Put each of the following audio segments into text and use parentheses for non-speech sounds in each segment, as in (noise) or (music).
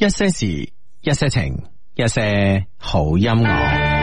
一些事，一些情，一些好音樂。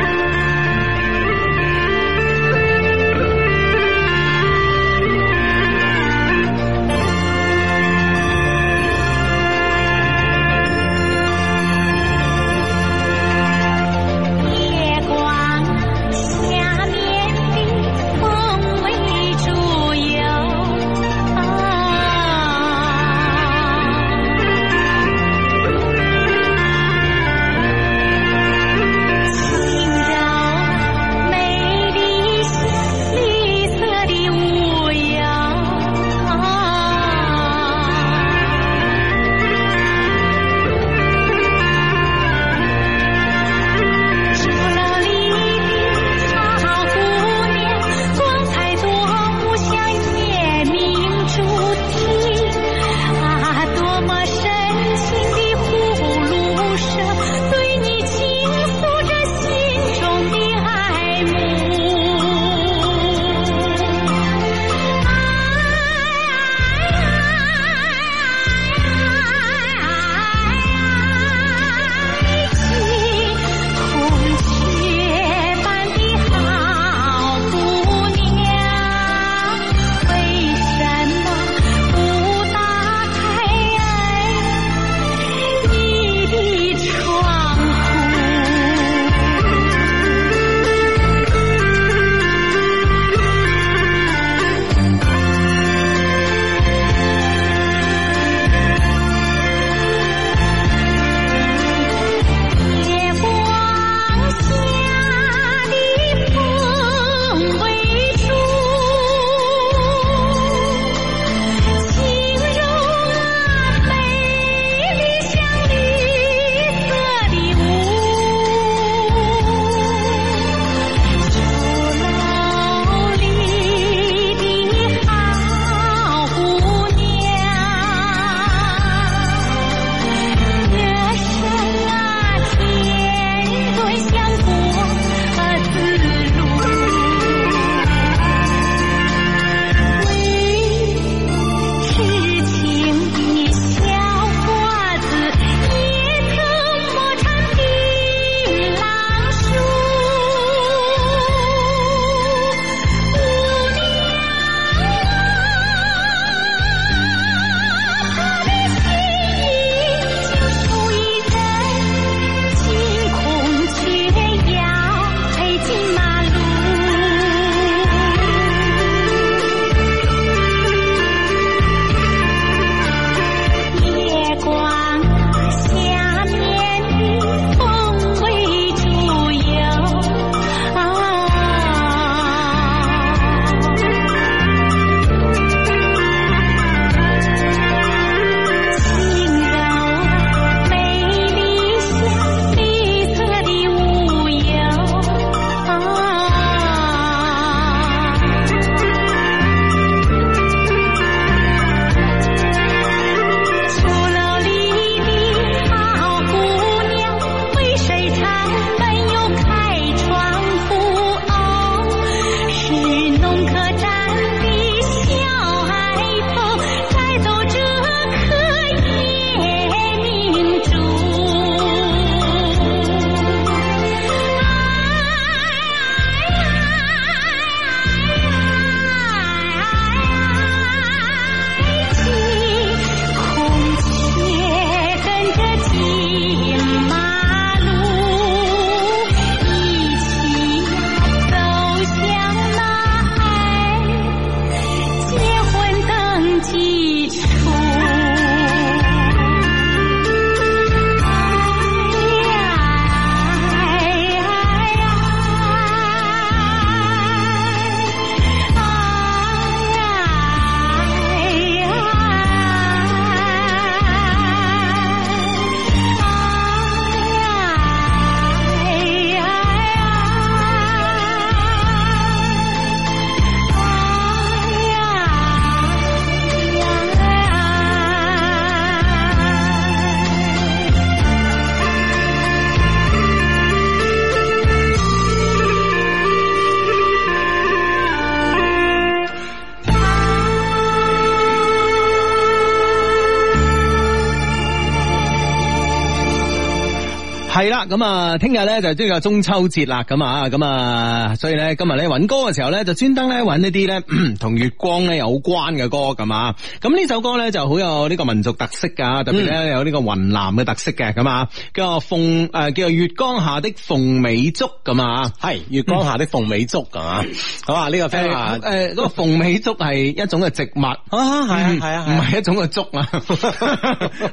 係啦，咁啊，聽日咧就即係中秋節啦，咁啊，咁啊，所以咧今日咧搵歌嘅時候咧，就專登咧搵一啲咧同月光咧有關嘅歌，咁啊，咁呢首歌咧就好有呢個民族特色㗎，特別咧有呢個雲南嘅特色嘅，咁、嗯、啊，叫鳳誒，叫月光下的鳳尾竹，咁啊，係月光下的鳳尾竹，咁、嗯、啊，好啊，呢、這個 friend 誒，嗰、欸那個鳳尾竹係一種嘅植物，係啊係啊，唔係、啊嗯啊啊啊、一種嘅竹啊，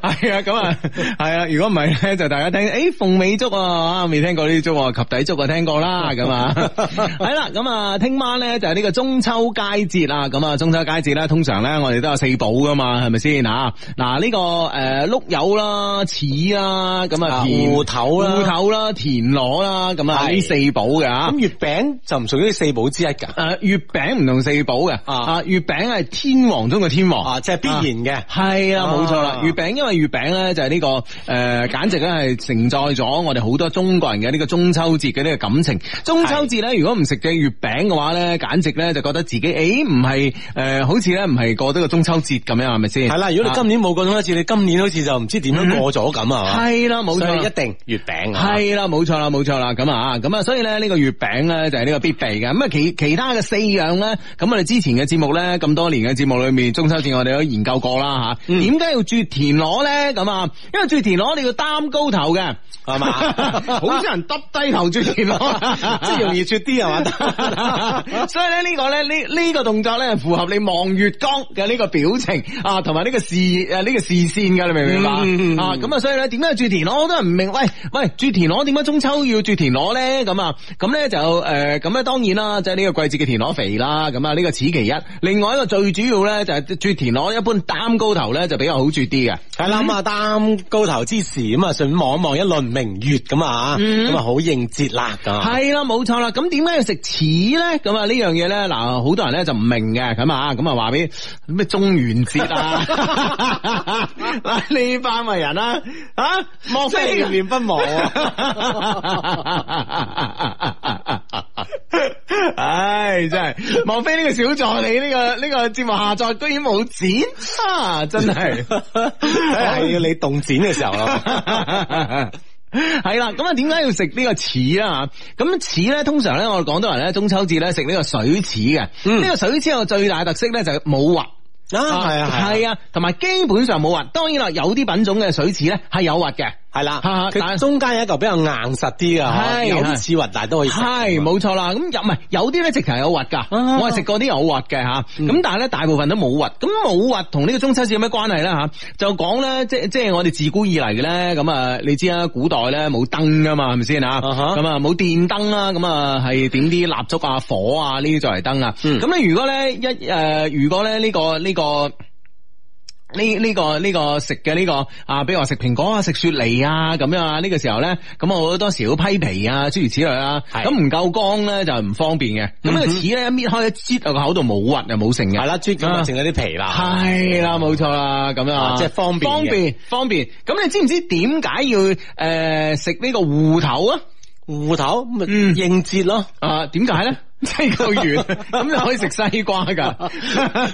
係 (laughs) 啊， (laughs) 咁啊，係啊，如果唔係咧，就大家聽誒鳳。欸美粥啊，未聽過呢啲粥，及第粥啊，聽過啦，咁啊，係啦，咁啊，聽晚咧就係呢個中秋佳節啦，咁啊中秋佳節咧，通常咧我哋都有四寶噶嘛，係咪先啊？嗱、這、呢個誒碌柚啦、柿、呃、啦、咁啊芋頭啦、芋頭啦、田螺啦，咁啊呢四寶嘅咁月餅就唔屬於四寶之一噶，誒月餅唔同四寶嘅啊，月餅係、啊啊、天王中嘅天王，啊，即、就、係、是、必然嘅，係啊冇錯啦，月餅因為月餅咧就係呢、這個誒、呃、簡直咧係承載咗。講我哋好多中國人嘅呢個中秋節嘅呢個感情，中秋節咧如果唔食嘅月餅嘅話咧，簡直咧就覺得自己誒唔係誒好似咧唔係過得個中秋節咁樣，係咪先？係啦，如果你今年冇過中秋節，啊，你今年好似就唔知點樣過咗咁啊？係、嗯、啦，冇錯，冇錯一定月餅。係啦，冇錯啦，冇錯啦，咁啊，咁啊，所以咧呢個月餅咧就係呢個必備嘅。咁啊其其他嘅四樣咧，咁我哋之前嘅節目咧咁多年嘅節目裏面，中秋節我哋都研究過啦吓。點解要捉田螺咧？咁啊，因為捉田螺你要擔高頭嘅。啊係 (laughs) 嘛，好多人耷低頭捉田螺， (laughs) 即係容易捉啲係嘛， (laughs) 所以咧呢個咧呢呢個動作咧符合你望月光嘅呢個表情啊，同埋呢個視、這個、線誒呢個視線噶，你明唔明白啊？咁、嗯、啊，所以咧點解捉田螺我都係唔明。喂喂，捉田螺點解中秋要捉田螺咧？咁啊，咁咧就誒，咁、呃、咧當然啦、啊，就係、是、呢個季節嘅田螺肥啦。咁啊，呢、這個此其一。另外一個最主要咧就係捉田螺一般擔高頭咧就比較好捉啲嘅。係、嗯、啦，咁啊擔高頭之時咁啊順望一望一輪明月咁、嗯、啊，咁啊好應節啦，係啦，冇錯啦。咁點解要食柿咧？咁啊呢樣嘢咧，嗱，好多人咧就唔明嘅咁啊，咁啊話俾咩中元節啊？嗱，呢班乜人啊？啊，莫非念念不忘、啊？唉、 (laughs) 哎，真係，莫非呢個小助理呢、這個呢、這個節目下載居然冇剪？啊，真係，係、 (laughs) 哎就是、要你動剪嘅時候啊。 (laughs) 係啦，咁啊，點解要食呢個柿啊？咁柿咧，通常咧，我哋廣東人咧，中秋節咧食呢個水柿嘅。呢，嗯這個水柿有個最大特色咧就冇核啊，係啊，係啊，同埋，啊啊、基本上冇核。當然啦，有啲品種嘅水柿咧係有核嘅。係啦，但係中間有一嚿比較硬實啲嘅，有啲絲滑，但係都可以吃。係，冇錯啦。咁又唔係有啲咧直頭有核噶。啊，我係食過啲有核嘅吓。咁、嗯、但係咧，大部分都冇核。咁冇核同呢個中秋節有咩關係咧？吓，就講咧，即即係我哋自古以嚟嘅咧。咁啊，你知啦，古代咧冇燈噶嘛，係咪先啊？咁啊冇電燈啦，咁啊係點啲蠟燭啊、火啊呢啲作為燈啊。咁你如果咧一誒，如果咧呢個呢個。這個呢、這、呢個呢、這個食嘅呢個啊，比如話食蘋果啊，食雪梨啊咁樣啊，呢、這個時候咧，咁我好多時要批皮啊，諸如此類不不、嗯這個、啊。係咁唔夠光咧就唔、係、方便嘅。咁個齒咧一搣開一啜啊，個口度冇核又冇剩嘅。係啦，啜咁剩嗰啲皮啦。係啦，冇錯啦，咁啊，即係方便。方便方便。咁你知唔知點解要誒食呢個芋頭啊？芋頭咁啊、嗯，應節咯。啊，點解咧？ (laughs) 西郊咁又可以食西瓜噶，唔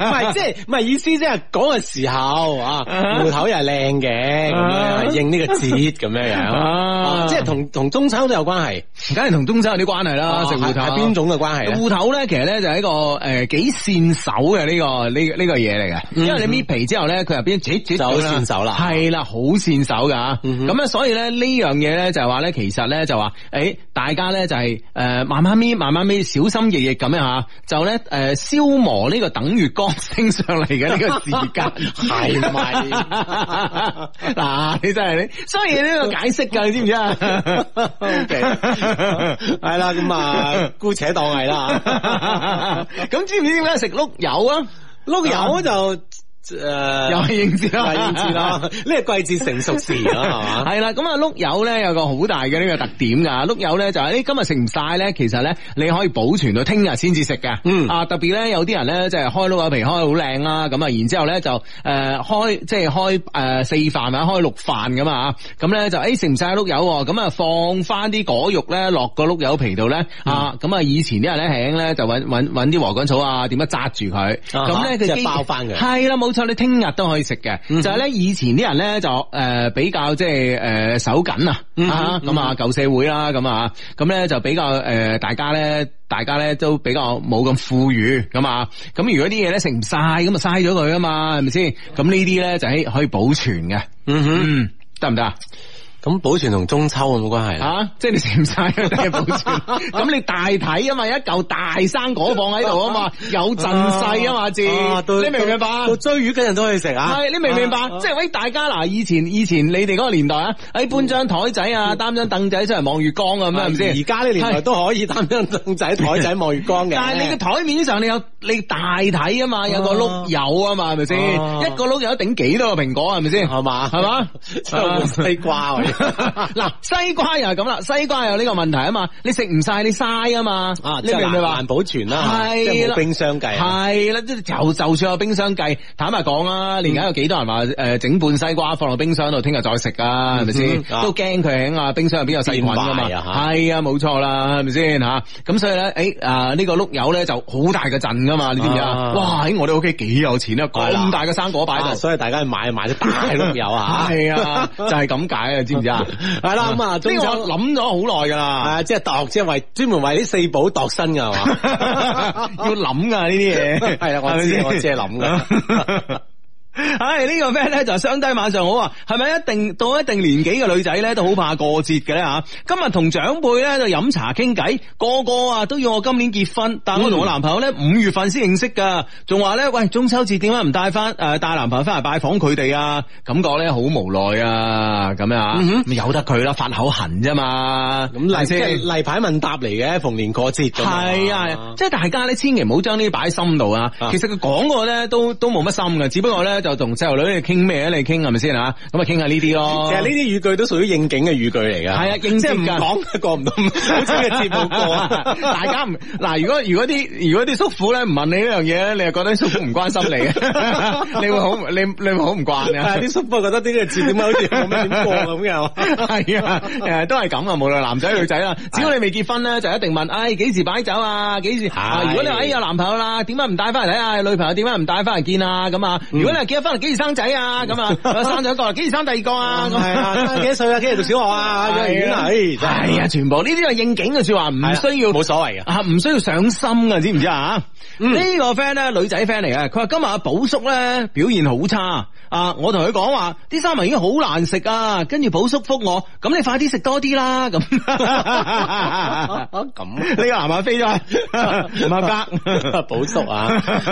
係即係唔係意思即係嗰個時候啊，芋頭又係靚嘅，應呢個節咁樣樣，即係同同中秋都有關係，梗係同中秋有啲關係啦。食、啊、芋頭係邊種嘅關係？芋頭咧，其實咧就係一個誒幾善手嘅呢、這個呢呢、這個嘢嚟嘅，因為你搣皮之後咧，佢入邊切切手。啦，係啦，好善手噶，咁咧所以咧呢樣嘢咧就係話咧，其實咧就話誒大家咧就係誒慢慢搣，慢慢搣，小心。日夜夜咁樣吓，就咧誒消磨呢個等月光升上嚟嘅呢個時間，係唔係？嗱，你真係，你，所以呢個解釋噶，你知唔知啊？係 (laughs) 啦 Okay. (laughs) (laughs) (laughs) 咁啊姑且當係啦，咁 (laughs) 知唔知點解食碌柚啊？ (laughs) 碌柚就。誒、呃，又係應節啦，係應節咯。呢 (laughs) 個季節成熟時咯，係 (laughs) 啦，咁啊碌柚咧有個好大嘅呢個特點噶，碌柚咧就係、是、誒今日食唔晒咧，其實咧你可以保存到聽日先至食嘅。嗯、啊特別咧有啲人咧即係開碌柚皮開好靚啦。咁啊然之後咧就誒、呃、開即係、就是、開誒四瓣啊，開六瓣咁啊，咁咧就誒食唔晒碌柚，咁、欸、啊放翻啲果肉咧落個碌柚皮度咧、嗯、啊，咁啊以前啲人咧請咧就搵搵啲禾杆草啊，點樣紮住佢，咁咧佢就包翻嘅，係啦冇。你聽日都可以食嘅，就係咧以前啲人咧就誒比較即係誒手緊啊，咁啊舊社會啦咁啊，咁咧就比較誒大家咧，大家咧都比較冇咁富裕咁啊，咁如果啲嘢咧食唔晒，咁啊嘥咗佢啊嘛，係咪先？咁呢啲咧就喺可以保存嘅，嗯哼，得唔得啊？咁保存同中秋有冇關係吓、啊，即係你食唔晒保存咁 (laughs) 你大體啊嘛，一嚿大生果放喺度啊嘛，有陣勢啊嘛，至、啊、你明唔明白？追魚嘅人都可以食啊！係你明唔明白、啊啊？即係喂，大家嗱，以前以前你哋嗰個年代啊，喺搬張台仔啊，擔張凳仔出嚟望月光啊，係咪先？而家呢年代都可以擔張凳仔、台仔望月光嘅。但係你個台面上你有你大體啊嘛，有個碌柚啊嘛，係咪先？一個碌柚都頂幾多個蘋果，係咪先？係、啊、嘛？係、啊、嘛？係冇 (laughs) 西瓜。 (laughs) 嗱， (laughs) 西瓜又係咁啦，西瓜有呢個問題啊嘛，你食唔晒你嘥啊嘛，啊，你即係難保存啦，啊，冇冰箱計，係啦，就就算有冰箱計，坦白講啊，而家有幾多人話誒，整，呃，半西瓜放落冰箱度，聽日再食啊，係咪先？都驚佢喺啊冰箱入邊有細菌啊嘛，係啊，冇錯啦，係咪先吓？咁，啊，所以咧，誒、哎、啊，呢、這個碌柚咧就好大嘅陣噶嘛，你知唔知啊？哇，喺我哋屋企幾有錢啊，咁大嘅生果擺，啊，所以大家買買啲大碌柚啊。係 (laughs) 啊，就係咁解啊， (laughs) 係啦，咁、這個、啊，我諗咗好耐噶啦，即係大學，即係為專門為呢四寶度身噶係嘛， (laughs) 要諗噶呢啲嘢，係啊， (laughs) 我知，知，我即係諗噶。 (laughs) 係、哎、呢、這個 friend 咧，就相低晚上好啊，係咪一定到一定年紀嘅女仔咧都好怕過節嘅咧吓？今日同長輩咧就飲茶傾偈，個個啊都要我今年結婚，但我同我男朋友咧五月份先認識噶，仲話咧，喂，中秋節點解唔帶翻誒帶男朋友翻嚟拜訪佢哋啊？感覺咧好無奈啊，咁樣，啊、嗯，由得佢啦，發口痕啫嘛。咁例牌問答嚟嘅，逢年過節係啊，即係、啊、大家咧千祈唔好將呢啲擺喺心度啊。其實佢講過咧都都冇乜心噶，只不過咧同細路女你傾咩啊？你傾係咪先啊？咁啊，傾下呢啲咯。其實呢啲語句都屬於應景嘅語句嚟噶。係啊，應節唔講過唔到，好似嘅節目過啊！ (laughs) 大家唔嗱，如果如果啲如果啲叔父咧唔問你呢樣嘢，你又覺得叔父唔關心你啊？ (laughs) (laughs) 你會好你你會好唔慣啊？啲叔父覺得啲啲節目好似冇咩點過咁樣。係啊，誒都係咁啊，無論男仔女仔啦，只要你未結婚咧，就一定問，唉、哎，幾時擺酒啊？幾時？如果你話有男朋友啦，點解唔帶翻嚟睇下女朋友點解唔帶翻嚟見啊？咁啊？如果你翻嚟，幾時生仔啊？咁啊，生咗一個，幾時生第二個啊？係 (laughs) 啊，幾多歲啊？幾時讀小學啊？幼兒園啊？哎，係啊，全部呢啲係應景嘅說話，唔需要，冇所謂啊，唔需、啊、要上心嘅啊。知唔知啊？呢個 friend 咧，女仔 friend 嚟啊，佢話今日阿寶叔咧表現好差啊！我同佢講話啲三文魚好難食啊，跟住寶叔覆我，咁你快啲食多啲啦，咁咁呢個男啊飛咗，唔得，寶叔啊，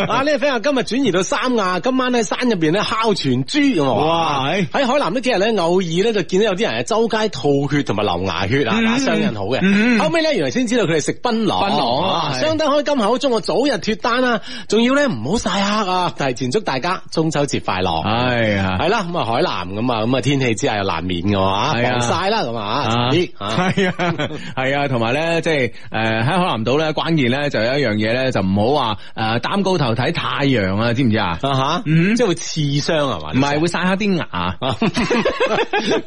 啊呢個 friend 啊，這個、fan, 今日轉移到三亞，今晚喺三。入邊，咧烤全豬咁，哇，喺海南呢幾日咧，偶爾咧就見到有啲人啊周街吐血同埋流牙血、嗯嗯、啊，打傷人好嘅。後尾咧，原來先知道佢哋食檳榔。檳榔，相當開金口，祝我早日脱單啊。仲要咧唔好曬黑啊！提前祝大家中秋節快樂。係、哎哎哎、啊，係啦，咁啊海南，咁啊咁啊天氣之下又難免嘅話，防曬啦，咁啊，注啊，係啊係啊，同埋咧，即係誒喺海南島咧，關鍵咧就有一樣嘢咧，就唔好話誒擔高頭睇太陽啊，知唔知啊？嗯、即係會。刺傷係嘛？唔係會晒下啲牙，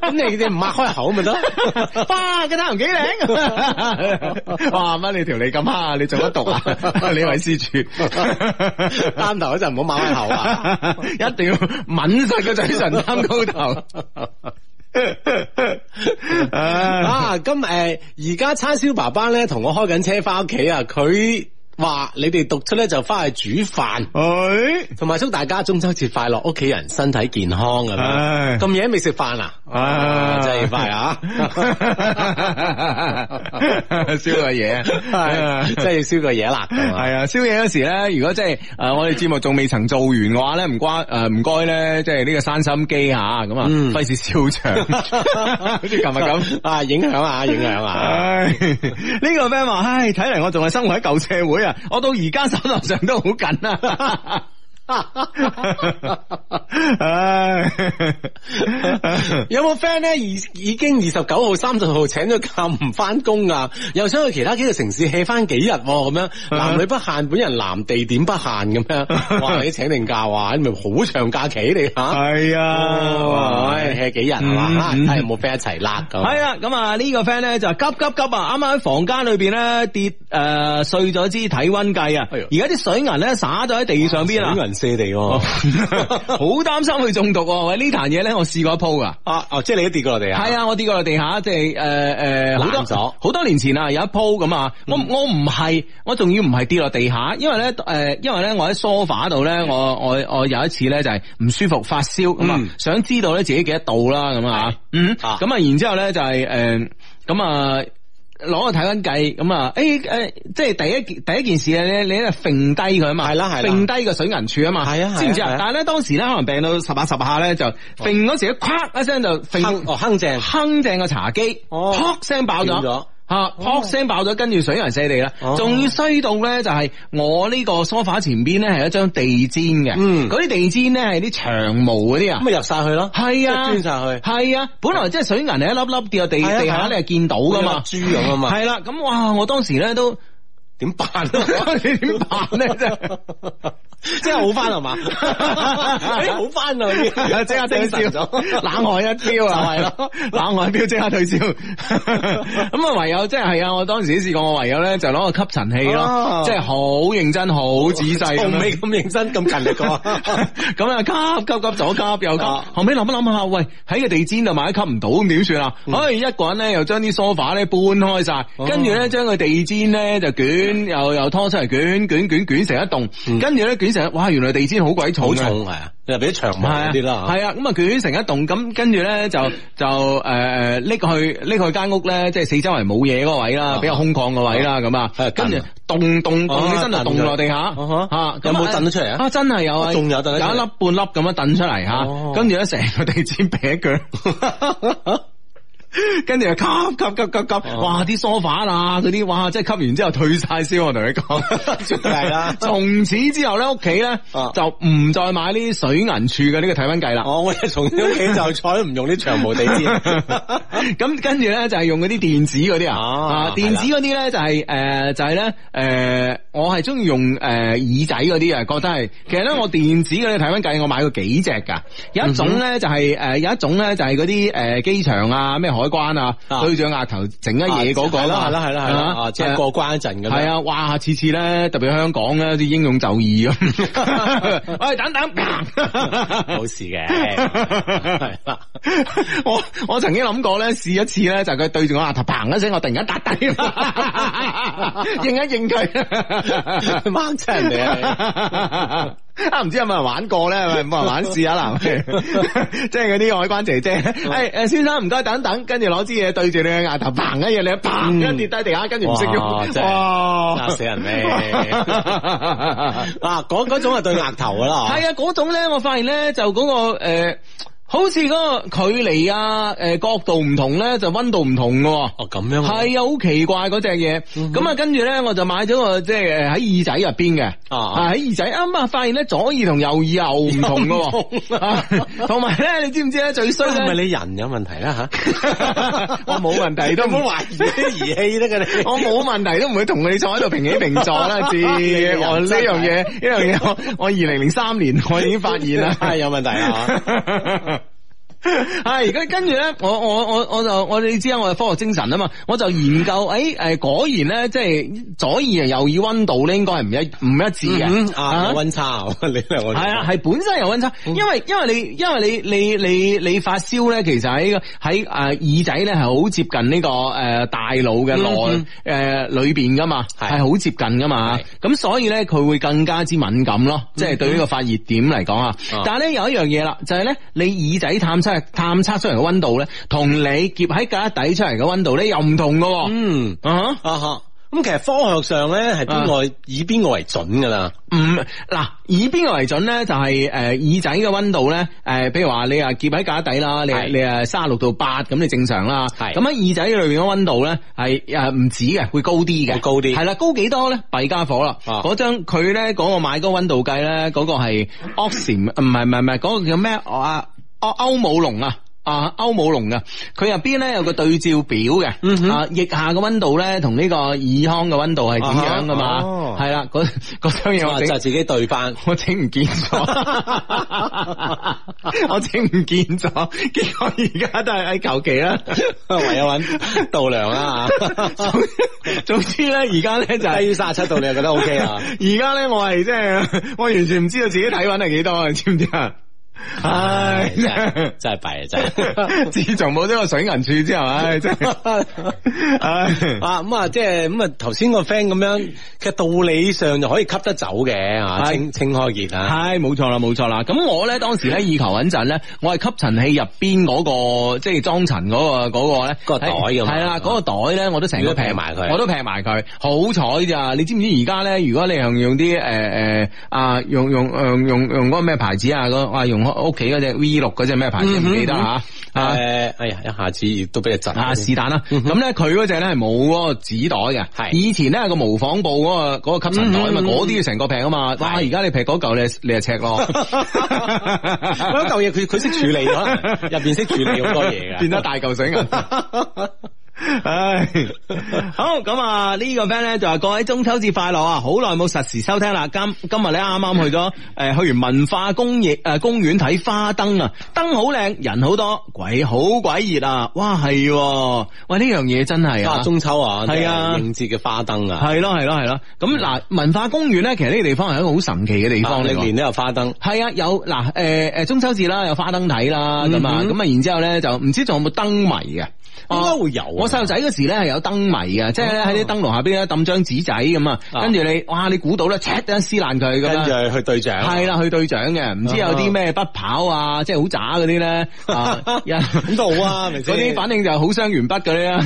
咁 (laughs) (laughs) 你唔擘開口咪得。嘅個頭幾靚！哇，乜 (laughs) 你條脷咁黑？你做乜毒啊？ (laughs) 呢位施主，擔 (laughs) 頭嗰陣唔好擘開口啊！ (laughs) 一定要抿實個嘴唇，擔高頭。 (laughs) (laughs) 啊，咁誒，而、呃、家叉燒爸爸咧同我開緊車翻屋企啊，佢。話你哋讀出咧就翻去煮飯，同、哎、埋祝大家中秋節快樂，屋企人身體健康咁樣。咁夜未食飯啊？真、哎、係、哎就是、快啊！燒 (laughs) 個嘢，真係要燒個嘢啦。係、哎、啊，燒嘢嗰時咧，如果即係誒，我哋節目仲未曾做完嘅話咧，唔關誒，唔該咧，即係呢個生心機吓咁啊，費事笑場，好似琴日咁啊，影響啊，影響啊。呢、哎、 (laughs) 個 friend 話，唉、哎，睇嚟我仲係生活喺舊社會啊。我到而家手頭上都好緊啊！唉， (laughs) 有冇 friend 咧？已已經二十九號、三十號請咗假唔翻工？啊？又想去其他幾個城市 hea 翻幾日咁樣？男女不限，本人男，地點不限咁樣。 (laughs) 哇！你請定假啊？呢咪好長假期嚟吓？係啊，hea 幾日係嘛？睇有冇 friend 一齊啦？係啊，咁啊、哎嗯嗯、個呢個 friend 咧就急急急啊！啱啱喺房間裏邊咧跌誒、呃、碎咗支體溫計啊！而家啲水銀咧灑咗喺地上邊啦。地好、啊、擔 (laughs) 心佢中毒喎、啊。喂，呢壇嘢咧，我試過一鋪噶、啊。啊，即係你都跌過落地下？係啊，我跌過落地下，即係誒誒，好、呃、好多，多年前啊，有一鋪咁啊，我我唔係，我仲要唔係跌落地下，因為咧誒、呃，因為咧我喺 sofa 度咧，我我我有一次咧就係唔舒服發燒咁啊，想知道咧自己幾多度啦咁啊，嗯，咁、嗯、啊，然之後咧就係誒咁啊。攞去睇翻計，咁、哎、啊，誒、哎、誒，即係第一件第一件事啊，你你咧揈低佢啊嘛，係啦，係揈低個水銀柱啊嘛，係啊，知唔知啊？但係咧當時咧可能病到十八、十下咧就揈嗰時一咔一聲就，鏗哦哼、哦、正鏗正個茶幾，撲、哦、聲爆咗。啊！撲聲爆咗，跟住水銀瀉地啦！仲、哦、要衰到咧，就係我呢個梳化前邊咧係一張地氈嘅，嗰、嗯、啲地氈咧係啲長毛嗰啲、嗯、啊，咁咪入晒去咯，係啊，鑽晒去，係啊，本來即係水銀係一粒粒跌落地是、啊、地下你係見到噶嘛，豬咁啊嘛，係啦、啊，咁、啊、哇，我當時咧都。點辦咯？你點辦咧？真 (laughs) 係好翻係嘛？ (laughs) 好翻啊！即刻退燒咗，冷汗一飆啊，係咯，冷汗一飆即刻退燒。咁 (laughs) 啊對， (laughs) 唯有即係啊！我當時先試過，我唯有咧就攞個吸塵器咯，即係好認真、好仔細。啊、未咁認真、咁勤力個。咁啊，吸，吸，吸，左吸，右吸、啊。後尾諗一諗下，喂，喺個地氈度買吸唔到，點算啊？可以一個人咧又將啲梳化呢，咧搬開晒，跟住咧將個地氈咧就捲又又拖出嚟捲卷卷卷，卷，捲成一棟，跟住咧捲成，哇！原來地氈好鬼重，好重係啊，又比長毛啲啦。係啊，咁啊捲成一棟，咁跟住咧就就誒拎、呃、去拎去間屋咧，即係四周圍冇嘢嗰個位啦、嗯，比較空曠個位啦，咁、嗯嗯、啊，跟住扽扽扽真係扽落地下，吓有冇震得出嚟啊？啊，真係有，有啊，仲有扽、啊啊，一粒半粒咁樣扽出嚟吓，跟住咧成個地氈劈腳。跟住啊，吸吸吸吸吸、哦，哇！啲梳化 f 啊，嗰啲哇，即係吸完之後退晒燒。我同你講，出啦！從此之後咧，屋企咧就唔再買啲水銀柱嘅呢個體溫計啦。我我從咗屋企就采唔用啲長毛地毯，咁跟住咧就係用嗰啲電子嗰啲啊，啊電子嗰啲咧就係、是、誒就係咧誒，我係中意用誒耳仔嗰啲啊，覺得係其實咧我電子啲體溫計我買過幾隻噶，有一種咧就係、是、誒、嗯、有一種咧就係嗰啲誒機場啊咩海關啊，對住個額頭整、啊那個、一嘢嗰個啦，係啦，係啦，係啦，即係過關一陣咁。係啊，哇！次次咧，特別香港咧，啲英勇就義咁。喂，等等，冇 Tokyo (laughs) 事嘅的。 (laughs) (laughs) 我我曾經諗過咧，試一次咧，就係佢對住我額頭，嘭一聲，韭 fica angelam 2 我突然間打低。認 (laughs) 一認佢，掹親你啊！啊！唔知有冇人玩過咧？有 (laughs) 冇人玩試下嗱？即係嗰啲海關姐姐，誒 (laughs) 誒，哎，先生唔該等等，跟住攞支嘢對住你嘅額頭，嘭一嘢你嘭，跟住跌低地下，跟住唔識喐，哇！嚇死人咩嗱，講嗰種係對額頭噶啦，係啊，嗰種咧、 (laughs) 啊，我發現咧就嗰，嗰個誒。呃好似嗰個距離啊，誒、呃、角度唔同咧，就溫度唔同㗎喎、哦。咁樣。係啊，好、啊、奇怪嗰隻嘢。咁、嗯、啊，跟住咧，我就買咗個即係喺耳仔入邊嘅啊，喺耳仔啱啱啊，剛剛發現咧左耳同右耳右同、哦、又唔同㗎喎。同埋咧，你知唔知咧最衰咧？唔係你人有問題啦吓， (laughs) (laughs) 我冇問題都唔好懷疑啲儀器得㗎。我冇問題都唔會同你坐喺度平起平坐啦，至 (laughs) 我呢樣嘢呢樣嘢，我我二零零三年我已經發現啦， (laughs) (laughs) 有問題啊。 (laughs) 係， (laughs) 而家跟住咧，我我我我就我你知啊，我係科學精神啊嘛，我就研究誒誒、哎，果然咧，即係左耳啊右耳溫度咧，應該係唔一唔一致嘅、嗯嗯。啊，啊有溫差 (laughs) 啊你我係啊係本身有溫差、嗯，因為因為你因為你你你你發燒咧，其實喺個喺誒耳仔咧係好接近呢個誒大腦嘅內誒裏邊噶嘛，係、嗯、好接近噶嘛，咁所以咧佢會更加之敏感咯，即、嗯、係、就是、對呢個發熱點嚟講啊，但係咧有一樣嘢啦，就係、是、咧你耳仔探測。探測出嚟嘅溫度咧，同你夾喺胳肋底出嚟嘅溫度咧又唔同噶。嗯，啊，咁、啊、其實科學上咧係邊個、啊、以邊個為準噶啦？嗱、嗯，以邊個為準咧就係、是、誒、呃、耳仔嘅溫度咧。誒、呃，譬如話你啊夾喺胳肋底啦，你是你啊卅六度八咁你正常啦。係咁喺耳仔裏邊嘅溫度咧係誒唔止嘅，會高啲嘅，高啲。係啦，高幾多咧？弊家伙啦，嗰張佢咧個買嗰個溫度計咧，嗰、那個係 Oxim，唔 (laughs) 係唔係唔係，嗰、那個叫咩啊？哦，歐姆龍啊，啊，歐姆龍噶，佢入邊咧有個對照表嘅、嗯，啊，腋下嘅温度咧同呢這個耳康嘅温度係點樣的啊嘛？係啦，嗰嗰張嘢我自就是、自己對翻，我整唔見咗， (laughs) (laughs) 我整唔見咗，結果而家都係喺求其啦，唯有揾度量啦。總之咧、就是，而家咧就係三十七度，你就覺得 OK 啊。而家咧我係即係，我完全唔知道自己體温係幾多，啊，你知唔知啊？唉、哎，真係弊啊！真係，真 (laughs) 自從冇咗個水銀柱之後，唉、哎，真唉啊咁啊，即係咁啊，頭、就、先、是、個 friend 咁樣，其實道理上就可以吸得走嘅，清清開熱啊，係冇錯啦，冇錯啦。咁我咧當時咧意求穩陣咧，我係吸塵器入邊嗰個即係裝塵嗰個嗰個咧個袋咁，係啦嗰個袋咧我都成日都劈埋佢，我都劈埋佢。好彩咋，你知唔知而家咧？如果你用、呃啊、用啲誒誒啊用、呃、用用用用個咩牌子啊個啊用屋企嗰隻 V 六嗰隻咩牌子唔、嗯、記得吓，誒、啊啊，哎呀，一下子都俾你窒震，嗯、那他那是但啦。咁咧佢嗰隻咧係冇個紙袋嘅，係以前咧個無紡布嗰個個吸塵袋嘛，嗰啲要成個平、嗯、啊嘛，哇！而家你劈嗰嚿，你係你係赤咯，嗰嚿嘢佢佢識處理咗，入邊識處理好多嘢嘅， (laughs) 變得大嚿水啊！唉 (laughs) 好，好咁啊！呢個 friend 咧就係各位中秋節快樂啊！好耐冇實時收聽啦，今今日咧啱啱去咗誒， (laughs) 去完文化誒公園睇花燈啊！燈好靚，人好多，鬼好鬼熱啊！哇，係喂呢樣嘢真係啊，啊！中秋啊，係啊，應節嘅花燈啊，係咯係咯係咯！咁嗱、啊啊啊啊，文化公園咧，其實呢個地方係一個好神奇嘅地方，裏邊都有花燈，係啊，有嗱誒誒，中秋節啦、啊，有花燈睇啦，咁啊咁啊，嗯、然之後咧就唔知仲有冇燈謎嘅、啊。啊、應該會有，啊，我細路仔嗰時咧係有燈謎啊，即係咧喺啲燈籠下邊咧抌張紙仔咁啊，跟住你，哇你估到咧，拆啦撕爛佢咁，跟住去兌獎，係、啊、啦去兌獎嘅，唔、啊、知道有啲咩筆刨啊，即係好渣嗰啲咧啊，咁、啊、都、嗯、 (laughs) 好啊，嗰啲反正就好傷鉛筆嗰啲啊，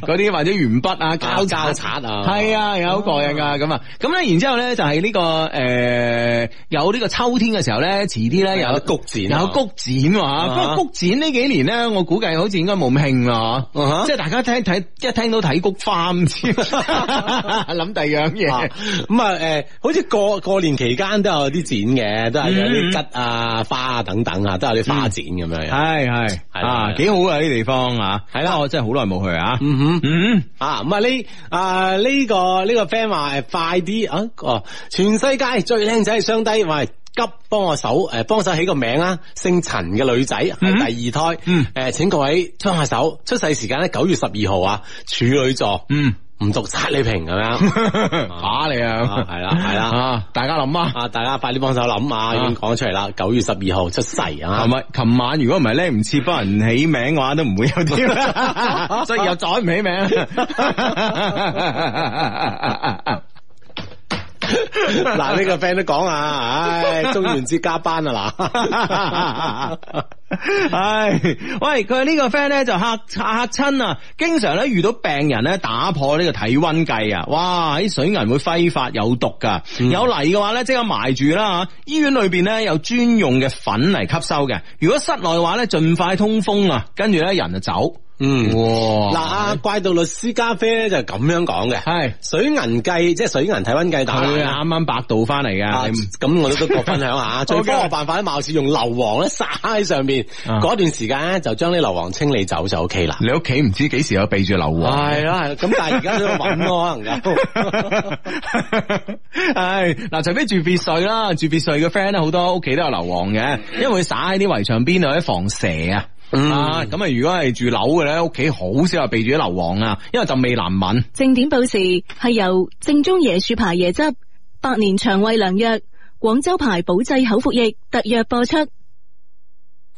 嗰 (laughs) 啲或者鉛筆啊，膠膠擦啊，係啊，有好過癮噶咁啊，咁咧然之後咧就係呢個誒有呢個秋天嘅時候咧，遲啲咧有菊展，啊。有菊展，不過菊展呢幾年咧，我估計好似應該冇咩。聽、啊 uh -huh? 即係大家聽睇，一聽到睇菊花唔知，諗第二樣嘢。咁啊，誒、嗯，好似過過年期間都有啲展嘅，都係有啲吉啊、花啊等等啊，都有啲花展咁、嗯嗯、樣。係係啊，幾好啊呢地方啊，係啦、啊啊，我真係好耐冇去啊。嗯嗯啊，咁、嗯、啊呢、嗯、啊呢、嗯啊嗯啊呢個呢、呢個 friend 話、呢個、快啲啊，啊，全世界最靚仔係雙低喂。急，幫我手，誒，幫手起個名啊，姓陳嘅女仔係第二胎，誒、嗯，請各位張下手，出世時間咧九月十二號啊，處女座，唔讀拆你瓶咁樣，吓你啊，係啦係啦，大家諗啊，大家，大家快啲幫手諗啊，已經講出嚟啦，九月十二號出世啊，係咪，琴晚，琴晚如果唔係咧唔似幫人起名嘅話，都唔會有啲，所 (laughs) 以又再唔起名。 (laughs) 嗱， (laughs) 呢個 friend 都講啊，唉，中元節加班啊，嗱，唉，喂，佢呢個 friend 咧就吓吓親啊，經常咧遇到病人咧打破呢個體溫計啊，哇，喺水銀會揮發有毒噶、嗯，有泥嘅話咧即刻埋住啦，醫院裏邊咧有專用嘅粉嚟吸收嘅，如果室內嘅話咧盡快通風啊，跟住咧人就走。嗯，哇！嗱，怪盜律師咖啡咧就咁樣講嘅，係水銀計，即係水銀體溫計打，啱啱百度翻嚟嘅，咁我都分享下。最高嘅辦法咧，貌似用硫磺咧撒喺上面，嗰、啊、段時間咧就將啲硫磺清理走就 OK 啦。你屋企唔知幾時有備住硫磺？係啦，咁但係而家都要揾咯， (laughs) 可能啊有。唉，嗱，除非住別墅啦，住別墅嘅 friend 咧好多屋企都有硫磺嘅， (laughs) 因為佢撒喺啲圍牆邊度，咧防蛇啊。啊、嗯，咁啊，如果係住樓嘅咧，屋企好少話避住啲硫磺啊，因為就味難聞。正點報時係由正宗椰樹牌椰汁，百年腸胃良藥，廣州牌保濟口服液特約播出。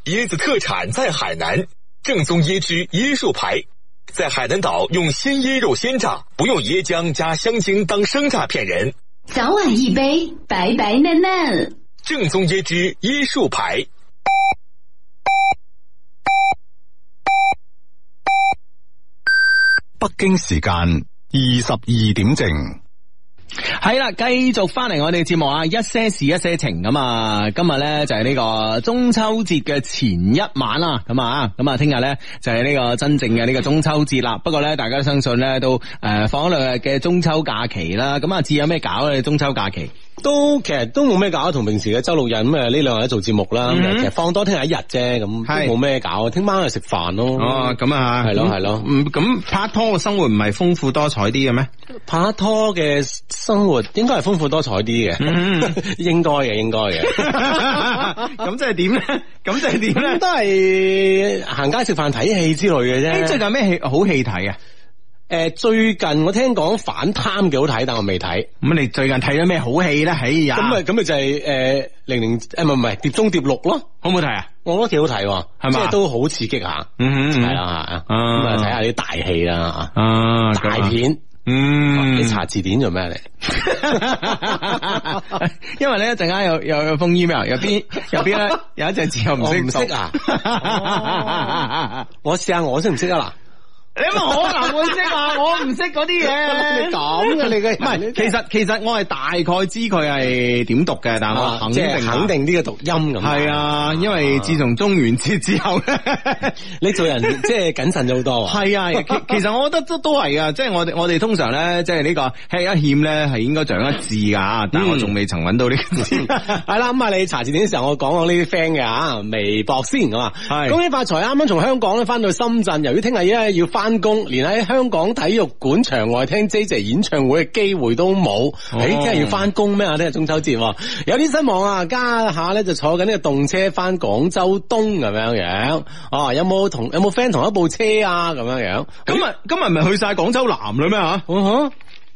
椰子特產在海南，正宗椰汁椰樹牌，在海南島用鮮椰肉鮮榨，不用椰漿加香精當生榨騙人。早晚一杯，白白嫩嫩。正宗椰汁椰樹牌。北京時間二十二點正，係啦，繼續翻嚟我哋節目啊！一些事，一些情。咁啊，今日咧就係呢個中秋節嘅前一晚啦，咁啊，咁啊，聽日咧就係呢個真正嘅呢個中秋節啦。不過咧，大家都相信咧都誒放咗兩日嘅中秋假期啦。咁啊，至於有咩搞咧？中秋假期？都其實都冇咩搞，同平時嘅周六日咁啊呢兩日做節目啦、嗯。其實放多聽日一日啫，咁都冇咩搞。聽晚去食飯咯。咁啊，係、哦、咯，係、嗯、咯。咁、嗯嗯嗯、拍拖嘅生活唔係豐富多彩啲嘅咩？拍拖嘅生活應該係豐富多彩啲嘅、嗯， (laughs) 應該嘅，應該嘅。咁即係點咧？咁即係點咧？呢 (laughs) 都係行街食飯睇戲之類嘅啫。最近咩戲好戲睇啊？誒，最近我聽講反貪幾好睇，但我未睇。咁你最近睇咗咩好戲咧？哎呀，就是，咁咪咁咪就係誒，零零誒，唔係唔係，碟中碟六咯，好唔好睇啊？我覺得幾好睇，係嘛，即係都好刺激啊。係啊，咁啊睇下啲、uh -huh. uh -huh. 大戲啦，uh -huh. 大片，嗯、uh -huh.，你查字典做咩嚟？ (laughs) (laughs) 因為咧一陣間有有有封 email，入邊入邊咧有一隻字我唔識，唔識啊？ (laughs) (laughs) 我試下我識唔識啊嗱？你咁可能會識，識會啊！我唔識嗰啲嘢。你咁嘅你嘅唔係，其實其實我係大概知佢係點讀嘅，啊，但我肯定，啊就是，肯定呢個讀音咁。係啊，因為自從中元節之後咧，啊、 (laughs) 你做人即係，就是，謹慎咗好多。係啊其，其實我覺得都都係啊，即，就，係，是，我我哋通常咧，即係呢個吃一欠咧係應該長一智㗎啊！但我仲未曾揾到呢個字。係，嗯，啦，咁啊，嗯，你查字典嘅時候，我講講呢啲 friend 嘅啊，微博先咁啊嘛。係咁，恭喜發財啱啱從香港咧翻到深圳，由於聽日咧要翻。翻工連喺香港體育館場外聽 JJ 演唱會嘅機會都冇，誒，聽日要翻工咩？聽日中秋節，有啲失望啊，家下咧就坐緊呢個動車翻廣州東咁樣樣，啊，有冇同有冇 friend 同一部車啊？咁樣樣，咁啊今日唔係去晒廣州南啦咩？啊。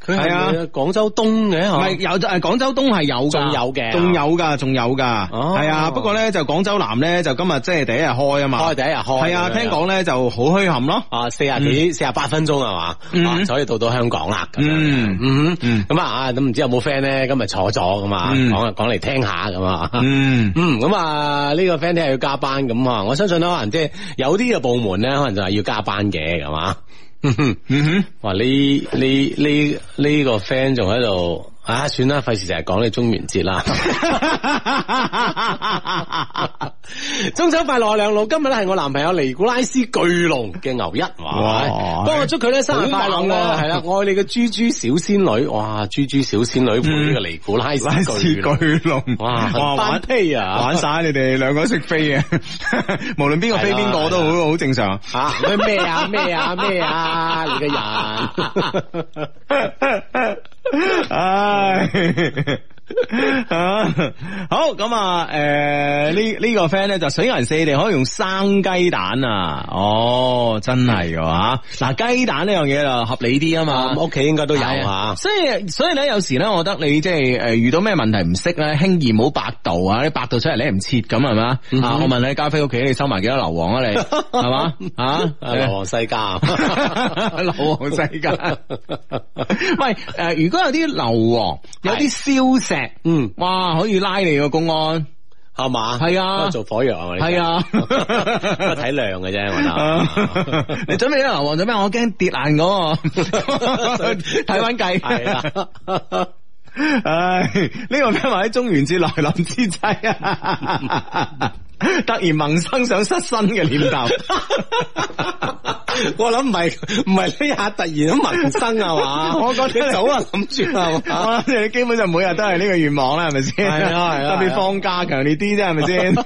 佢係啊，廣州東嘅，唔係有誒，廣州東係有嘅，仲有嘅，仲有噶，仲有噶，係啊。不過咧就廣州南咧就今日即係第一日開啊嘛，開第一日開係啊。聽講咧就好墟冚咯，啊，四十幾四十八分鐘係嘛，所以到到香港啦咁樣。咁、嗯、啊，咁唔知有冇 friend 咧今日坐咗噶嘛？講啊講嚟聽，聽下咁、嗯、啊。咁啊，呢個 friend 聽日要加班咁啊，我相信咧可能即係有啲嘅部門咧可能就係要加班嘅，係嘛。嗯哼，嗯哼，哇！呢呢呢呢個 friend 仲喺度。啊，算啦，費事成日講你中元節啦。 (laughs) 中秋快樂兩路。今日咧係我男朋友尼古拉斯巨龍嘅牛一，哇！幫我祝佢咧、啊、生日快樂喎，係啦，愛你嘅豬豬小仙女，哇！豬豬小仙女陪呢個尼古拉斯巨龍、嗯，哇！玩飛啊，玩晒你哋兩個識飛嘅， (laughs) 無論邊個飛邊個都好，好正常。咩啊咩啊咩啊，啊，啊，啊, (laughs) 啊，啊，啊，你嘅人。 (laughs) 唉、 (laughs) 啊好，好咁啊，誒、呃，這個、fan 呢呢個 friend 咧就是、水銀四地可以用生雞蛋啊，哦，真係嘅嗱，雞、啊啊、蛋呢樣嘢就合理啲啊嘛，屋、嗯、企應該都有吓、啊，所以所以咧有時咧，我覺得你即係誒遇到咩問題唔識咧，輕易冇百度啊，你百度出嚟你唔切咁係嘛，啊，我問你，家菲屋企你收埋幾多硫磺啊你，係 (laughs) 嘛，啊，硫、啊、磺、啊世，啊、 (laughs) 世家，硫磺世家，喂，誒、呃，如、呃、果。呃呃呃呃呃呃有啲硫磺，有啲燒石，嗯，哇，可以拉你個公安係嘛？係啊，做火藥啊，係咪？係啊，睇量嘅啫， (laughs) (laughs) 啊、 (laughs) 你準備啲硫磺做咩？我驚跌爛嗰、啊，睇翻計係啦。看看 (laughs) 唉，呢個咩話喺中原至來之來臨之際啊？ (laughs) 突然萌生想失身嘅念頭， (laughs) 我諗唔係唔係呢下突然萌生啊？嘛？ (laughs) 我覺得早啊諗住啊， (laughs) 我諗你基本上每日都係呢個願望啦，係咪先？係啊，係啊，特別放假強烈啲啫，係咪先？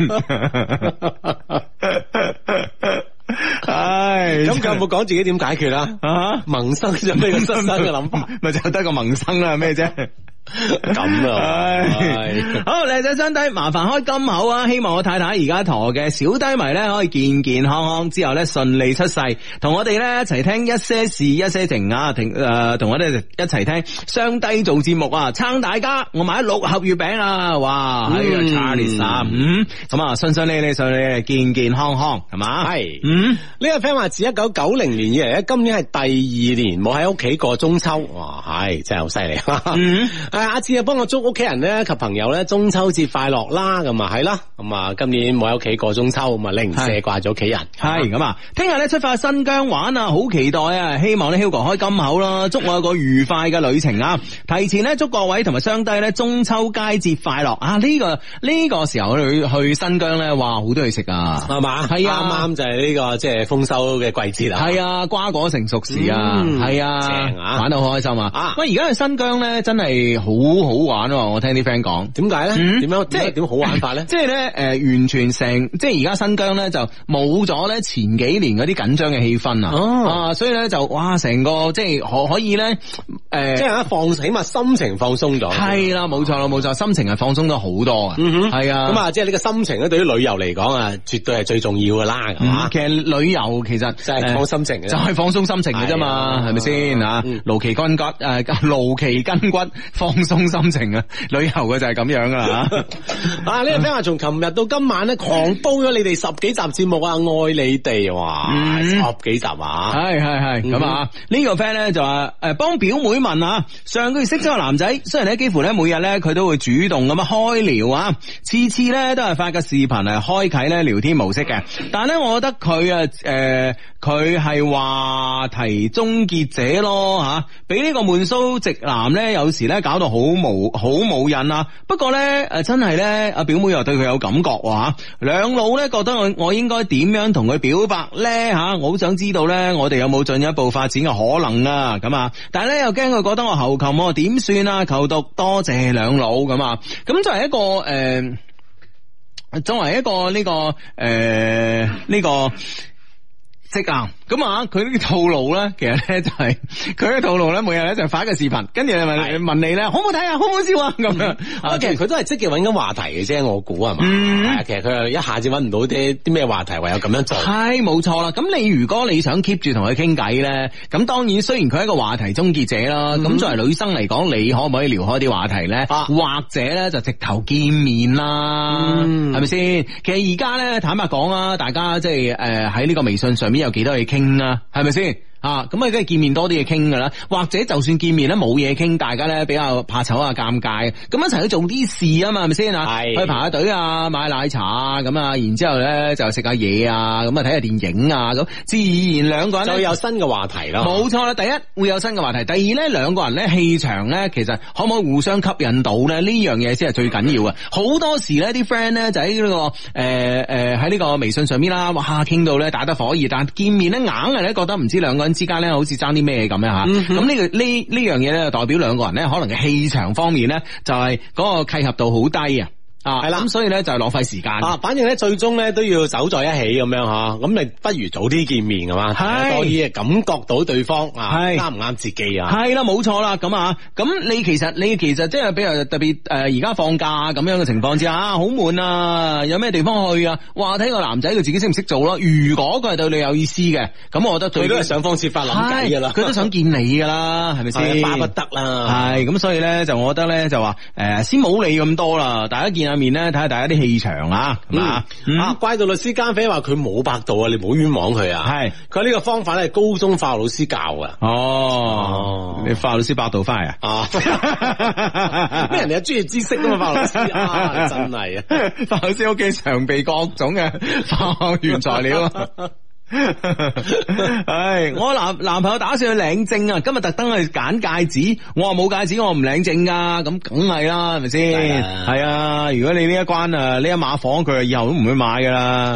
(laughs) 唉，咁佢有冇講自己點解決啊，萌生咗咩失身嘅諗法？咪 (laughs) 就得個萌生啦，咩啫？ (laughs) 咁啊！ (laughs) 是 (laughs) 好靚仔，雙低，麻煩開金口啊！希望我太太而家陀嘅小低迷咧，可以健健康康，之後咧順利出世，同我哋咧一齊聽一些事，一些情啊！停誒，同、呃、我哋一齊聽雙低做節目啊！撐大家，我買咗六盒月餅啊，哇！係、嗯、啊、這個，Charles 啊！咁、嗯、啊，順、嗯、順利利，順利，利健健康康，係嘛？係嗯，呢、這個 friend 話自一九九零年以嚟咧，今年係第二年冇喺屋企過中秋，哇！唉、哎，真係好犀利。嗯 (laughs) 誒，阿志啊，幫我祝屋企人咧及朋友咧中秋節快樂啦，咁啊係啦，咁啊今年冇喺屋企過中秋，咁啊拎唔射掛咗屋企人，係咁啊，聽日咧出發新疆玩啊，好期待啊，希望咧 Hugo 開金口啦，祝我有個愉快嘅旅程啊！提前咧祝各位同埋商低咧中秋佳節快樂啊！呢個呢個時候去去新疆咧，哇，好多嘢食啊，係嘛，係啊，啱啱就係呢個即係豐收嘅季節啦，係啊，瓜果成熟時啊，係啊，玩得好開心啊！喂，而家去新疆咧，真係～好好玩，我聽啲 friend 講，點解咧？點、嗯、樣？即係點好玩法咧？即係咧？誒、呃，完全成，即係而家新疆咧就冇咗咧前幾年嗰啲緊張嘅氣氛啊、哦！啊，所以咧就哇，成個即係可可以咧誒，即係一放，起碼心情放鬆咗。係、嗯、啦，冇錯啦，冇錯，心情係放鬆咗好多、嗯、啊！嗯係啊，咁啊，即係呢個心情咧，對於旅遊嚟講啊，絕對係最重要噶啦吓。其實旅遊其實就係、是、放心情，就係放鬆心情嘅啫嘛，係咪先啊？勞其筋骨誒，勞、啊、其筋骨放。放鬆心情啊！旅遊嘅就係咁樣啦吓。啊， (laughs) 呢個 friend 啊，從琴日到今晚咧，狂煲咗你哋十幾集節目啊，愛你哋哇、嗯，十幾集啊，係係係咁啊。呢、嗯嗯這個 friend 咧就話誒，幫表妹問啊，上個月識咗個男仔，雖然咧幾乎咧每日咧佢都會主動咁樣開聊啊，次次咧都係發個視頻嚟開啟咧聊天模式嘅，但係咧我覺得佢啊誒，佢、呃、係話題終結者咯吓，俾呢個悶騷直男咧有時咧搞到。好冇好冇癮啊！不過呢，誒，真係呢，阿表妹又對佢有感覺哇！兩老呢，覺得我應應該點樣同佢表白呢？吓？我好想知道呢，我哋有冇進一步發展嘅可能啊？咁啊，但係呢，又驚佢覺得我猴擒喎，點算啊？求讀多謝兩老咁啊！咁作為一個誒、呃，作為一個呢、呃這個誒呢、呃這個職啊。咁啊，佢呢啲套路咧，其實咧就係佢嘅套路咧，每日咧就發一個視頻，跟住就問問你咧，好唔好睇啊，好唔好笑啊，咁樣、嗯啊。其實佢都係積極揾緊話題嘅啫，我估係嘛。其實佢又一下子揾唔到啲啲咩話題，唯有咁樣做。係冇錯啦。咁你如果你想 keep 住同佢傾偈咧，咁當然雖然佢係一個話題終結者啦，咁、嗯、作為女生嚟講，你可唔可以撩開啲話題咧、啊？或者咧就直頭見面啦，係咪先？其實而家咧坦白講啊，大家即係誒喺呢個微信上面有幾多嘢？啊，係咪先？啊，咁啊，梗係見面多啲嘢傾噶啦，或者就算見面咧冇嘢傾，大家咧比較怕醜啊、尷尬，咁一齊去做啲事啊嘛，係咪先啊？係去排下隊啊，買奶茶啊，咁啊，然之後咧就食下嘢啊，咁啊睇下電影啊，咁自然兩個人都有新嘅話題咯。冇錯啦，第一會有新嘅話題，第二咧兩個人咧氣場咧，其實可唔可以互相吸引到咧？呢樣嘢先係最緊要嘅。好多時咧啲 friend 咧就喺呢個誒誒喺呢個微信上面啦，哇，傾到咧打得火熱，但見面咧硬係咧覺得唔知兩個人。之間咧，好似爭啲咩咁樣吓，咁呢、呢個呢呢樣嘢咧，就、呢個呢個、代表兩個人咧，可能嘅氣場方面咧，就係嗰個契合度好低啊。啊，係啦，咁所以咧就係浪費時間啊。反正咧最終咧都要守在一起咁樣嗬，咁你不如早啲見面係嘛，多啲感覺到對方啊，啱唔啱自己啊？係啦，冇錯啦，咁啊，咁你其實你其實即係比較特別誒，而家放假咁樣嘅情況之下，好悶啊，有咩地方去啊？哇、呃，睇個男仔，佢自己識唔識做咯、啊。如果佢係對你有意思嘅，咁我覺得佢都想方設法諗計噶啦，佢都想見你噶啦，係咪先？巴不得啦。係，咁所以咧就我覺得咧就話誒、呃，先冇理咁多啦，大家見下。面咧睇下大家啲氣場啊，係、嗯、嘛？啊、嗯，怪盜律師奸匪話佢冇百度啊，你唔好冤枉佢啊。係佢呢個方法咧，係高中化學老師教啊、哦。哦，你化學老師百度翻嚟啊？啊，咩 (laughs) (laughs) 人哋有專業知識啊嘛，化學老師真係啊，化學老師屋企常備各種嘅化學原材料。 (laughs) 係， (laughs) 我男男朋友打算去領證啊，今日特登去揀戒指，我話冇戒指我唔領證噶，咁梗係啦，係咪先？係啊，如果你呢一關啊，呢一馬房佢以後都唔會買噶啦。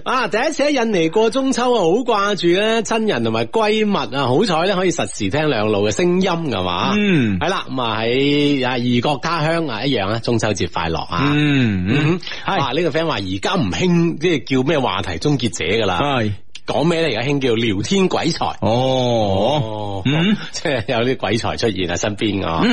(laughs) (laughs) 啊，第一次喺印尼過中秋啊，很著親好掛住咧親人同埋閨蜜啊，好彩咧可以實時聽兩路嘅聲音，噶嘛？嗯，係、啊、啦，咁啊喺異國家鄉啊一樣啊，中秋節快樂、嗯嗯、啊！係啊，呢、這個 friend 話而家唔興即係叫咩話題中。結者噶啦，講咩咧？而家興叫聊天鬼才哦，即、哦、係、哦嗯、有啲鬼才出現喺身邊個。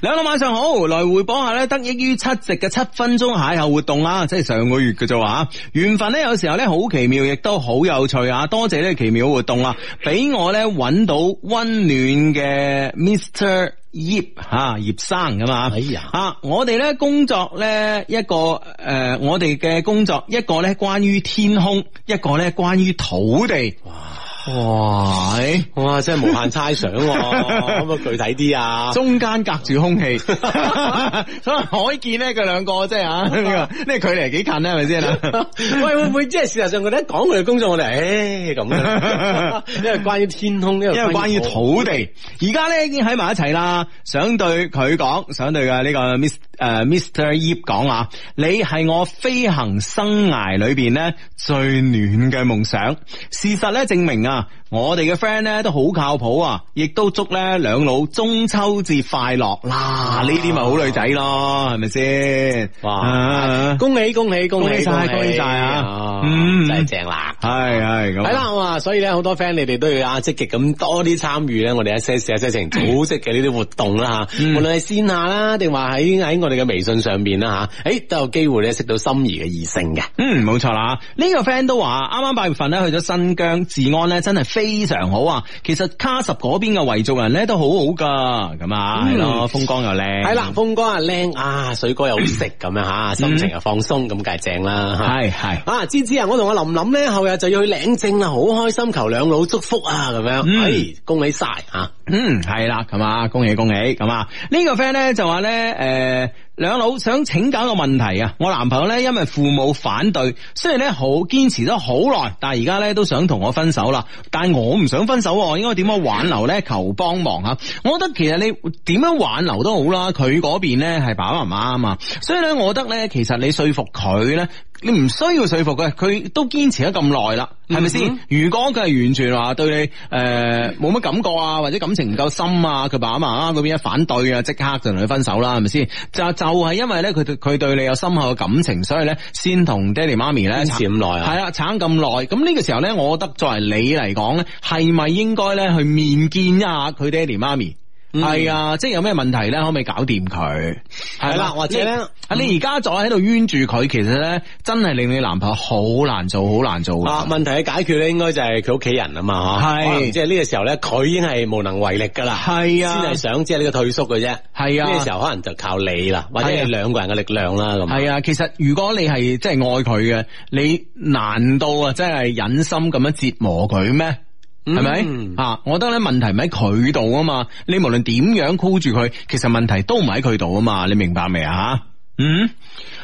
兩位晚上好，來回播下咧，得益於七夕嘅七分鐘邂逅活動啊。即係上個月嘅就話啊，緣分咧有時候咧好奇妙，亦都好有趣啊！多謝呢奇妙活動啊，俾我咧揾到溫暖嘅 Mr。.葉吓葉生噶嘛哎呀吓、啊，我哋咧工作咧一個誒，我哋嘅工作一個咧、呃、關於天空，一個咧關於土地。哇。哇！哇！真係無限猜想，可唔可以 (laughs) 啊具體啲啊？中間隔住空氣，所以可見咧，佢兩個即係啊呢個呢距離幾近咧，係咪先啦喂，會唔會即係事實上佢哋一講佢哋工作，我哋誒咁，樣 (laughs) 因為關於天空，因為關於土地，而家咧已經喺埋一齊啦，想對佢講，想對嘅呢個 Miss。誒、uh，Mr. 葉講啊，你係我飛行生涯裏邊咧最暖嘅夢想。事實咧證明啊。我哋嘅 friend 咧都好靠譜啊，亦都祝咧兩老中秋節快樂啦，呢啲咪好女仔咯，係咪先？哇！恭喜恭喜恭喜晒！恭喜晒啊！真係、哦嗯就是、正啦，係係咁。係啦，我話所以咧好多 friend，你哋都要啊積極咁多啲參與咧，我哋一些事一些情組織嘅呢啲活動啦吓，無論係線下啦，定話喺喺我哋嘅微信上邊啦吓，誒、哎、都有機會咧識到心儀嘅異性嘅。嗯，冇錯啦，呢、這個 friend 都話啱啱八月份咧去咗新疆、治安咧真係非。非常好啊，其實喀什嗰邊嘅維族人咧都好好噶，咁啊係咯，風光又靚，係啦，風光啊靚啊，水果又好食咁樣吓，心情又放鬆，咁梗係正啦，係係啊，芝芝啊，我同阿琳琳咧後日就要去領證啦，好開心，求兩老祝福啊，咁樣，係，恭喜晒啊，嗯，係啦，咁啊，恭喜恭喜，咁啊，呢個 friend 咧就話咧，誒。兩老想請教個問題啊！我男朋友咧因為父母反對，雖然咧好堅持咗好耐，但係而家咧都想同我分手啦。但係我唔想分手，應該點樣挽留咧？求幫忙吓！我覺得其實你點樣挽留都好啦，佢嗰邊咧係爸爸媽媽啊嘛，所以咧我覺得咧，其實你說服佢咧，你唔需要說服佢，佢都堅持咗咁耐啦，係咪先？嗯嗯，如果佢係完全話對你誒冇乜感覺啊，或者感情唔夠深啊，佢爸爸媽媽嗰邊一反對啊，即刻就同佢分手啦，係咪先？就。就係、是、因為咧，佢對佢對你有深厚嘅感情，所以咧，先同爹哋媽咪咧撐咁耐啊，係啊，撐咁耐。咁呢個時候咧，我覺得作為你嚟講咧，係咪應該咧去面見一下佢爹哋媽咪？係、嗯、啊，即係有咩問題咧，可唔可以搞掂佢？係、嗯、啦、啊，或者啊，你而家再喺度冤住佢，其實咧真係令你男朋友好難做，好難做啊！問題嘅解決咧，應該就係佢屋企人啊嘛，吓係、啊啊，即係呢個時候咧，佢已經係無能為力噶啦，係啊，先係想即係呢個退縮嘅啫，係啊，呢個時候可能就靠你啦，或者係兩個人嘅力量啦，咁係啊，啊。其實如果你係真係愛佢嘅，你難道啊真係忍心咁樣折磨佢咩？係咪、嗯、啊？我覺得咧問題唔喺佢度啊嘛。你無論點樣箍住佢，其實問題都唔喺佢度啊嘛。你明白未啊？嗯、mm -hmm.，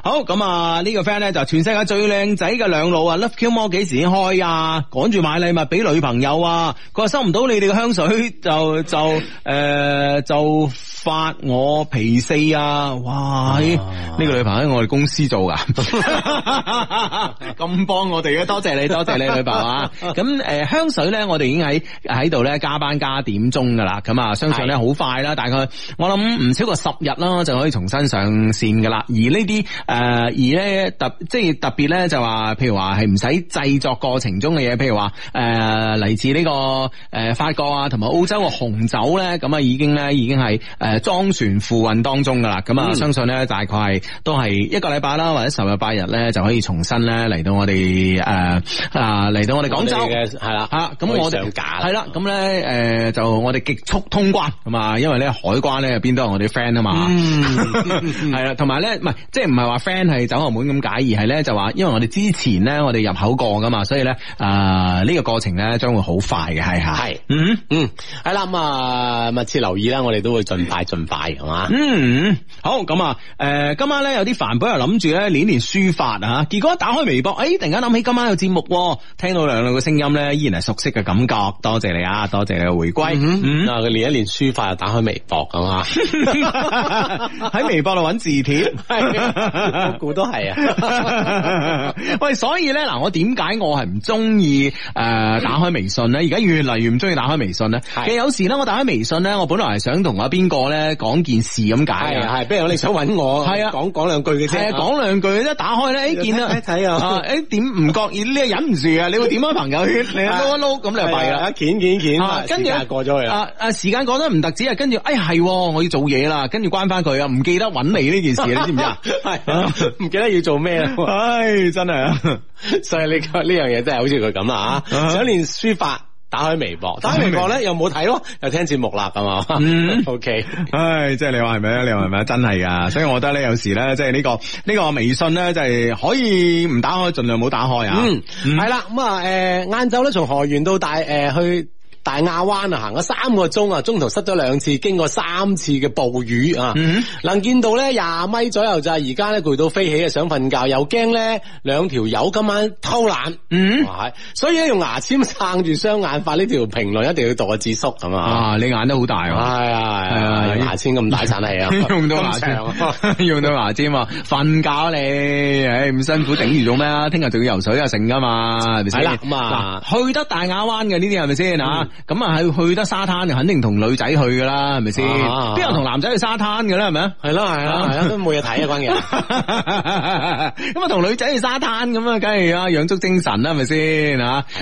好咁啊！呢個 friend 咧就全世界最靚仔嘅兩老啊，Love Q More 幾時開啊？趕住買禮物俾女朋友啊！佢話收唔到你哋嘅香水就就誒、 (laughs) 呃、就發我皮四啊！哇！呢、這個女朋友喺我哋公司做噶，咁 (laughs) 幫 (laughs) 我哋啊，多謝你，多謝你， (laughs) 女朋友啊！咁誒、呃、香水咧，我哋已經喺喺度咧加班加點鐘噶啦，咁啊相信咧好快啦，大概我諗唔超過十日啦，就可以重新上線噶啦。而呢啲誒而咧特即係特別咧就話，譬如話係唔使製作過程中嘅嘢，譬如話誒嚟自呢個誒法國啊同埋澳洲嘅紅酒咧，咁啊已經咧已經係誒裝船赴運當中噶啦，咁、嗯、啊相信咧大概係都係一個禮拜啦，或者十日八日咧就可以重新咧嚟到我哋誒啊嚟到我哋廣州嘅係啦吓咁我哋係啦，咁咧誒就我哋極速通關，咁啊因為咧海關咧入邊都係我哋 friend 啊嘛，係、嗯、啦，同埋咧。唔係，即係唔係話 friend 係走後門咁解，而係咧就話，因為我哋之前咧我哋入口過噶嘛，所以咧誒呢、呃這個過程咧將會好快嘅。係係，嗯嗯嗯，係啦，咁、嗯、啊密切留意啦，我哋都會盡快盡快，係、嗯、嘛，嗯，好，咁啊誒今晚咧有啲凡本又諗住咧練練書法啊，結果一打開微博，誒、哎、突然間諗起今晚有節目，聽到兩兩嘅聲音咧依然係熟悉嘅感覺，多謝你啊，多謝你嘅回歸，啊佢練一練書法又打開微博，係嘛，喺微博度搵字帖。係，估都係啊！啊 (laughs) 喂，所以咧嗱，我點解我係唔中意誒打開微信咧？而家越嚟越唔中意打開微信咧、啊。其實有時咧，我打開微信咧，我本來係想同阿邊個咧講件事咁解係係，不、啊啊、如我你想搵我，係啊，講講兩句嘅啫，講兩、啊、句，一、啊、打開咧，哎，見到，哎睇啊，哎點唔覺意呢？你忍唔住啊！你會點開、啊、朋友圈，你 load load 咁，你咪、啊、啦，拍一卷、啊啊、跟住過咗去啊！啊時間過得唔特止啊！跟住哎係、啊，我要做嘢啦，跟住關翻佢啊！唔記得搵你呢件事。 (laughs) 唔、啊、唔、啊啊、記得要做咩咧？唉、哎，真係啊，所以呢呢樣嘢真係好似佢咁啊。想練書法，打開微博，打開微博咧又冇睇咯，又聽節目啦咁啊。o、嗯、K。唉、 (laughs) okay，即、哎、係、就是、你話係咪咧？你話係咪啊？真係噶，所以我覺得咧，有時咧，即係呢個呢、這個微信咧，就係可以唔打開，盡量冇打開啊。嗯，係、嗯、啦，咁啊，誒、嗯，晏晝咧，從河源到大誒、呃、去。大亞灣啊，行咗三個鐘啊，中途塞咗兩次，經過三次嘅暴雨啊、嗯。能見到咧廿米左右就係而家咧，攰到飛起啊！想瞓覺又驚咧，兩條友今晚偷懶。嗯，所以咧用牙籤撐住雙眼發呢條評論，一定要讀阿智叔咁啊。你眼都好大、啊，係啊係啊，啊，啊，啊，啊，用牙籤咁大撐啊， (laughs) 用到牙籤， (laughs) 用到牙籤啊！瞓 (laughs) 覺你，唉咁辛苦頂住做咩啊？聽日仲要游水啊，成噶嘛？係啦，咁啊去得大亞灣嘅呢啲係咪先啊？咁啊，去去得沙灘就肯定同女仔去㗎啦，係咪先？邊、啊啊、有同男仔去沙灘㗎啦，係咪啊？係咯，係啦，係啦，都冇嘢睇啊，關鍵。咁啊，同、 (laughs) 啊、女仔去沙灘咁啊，梗係養足精神啦，係咪先？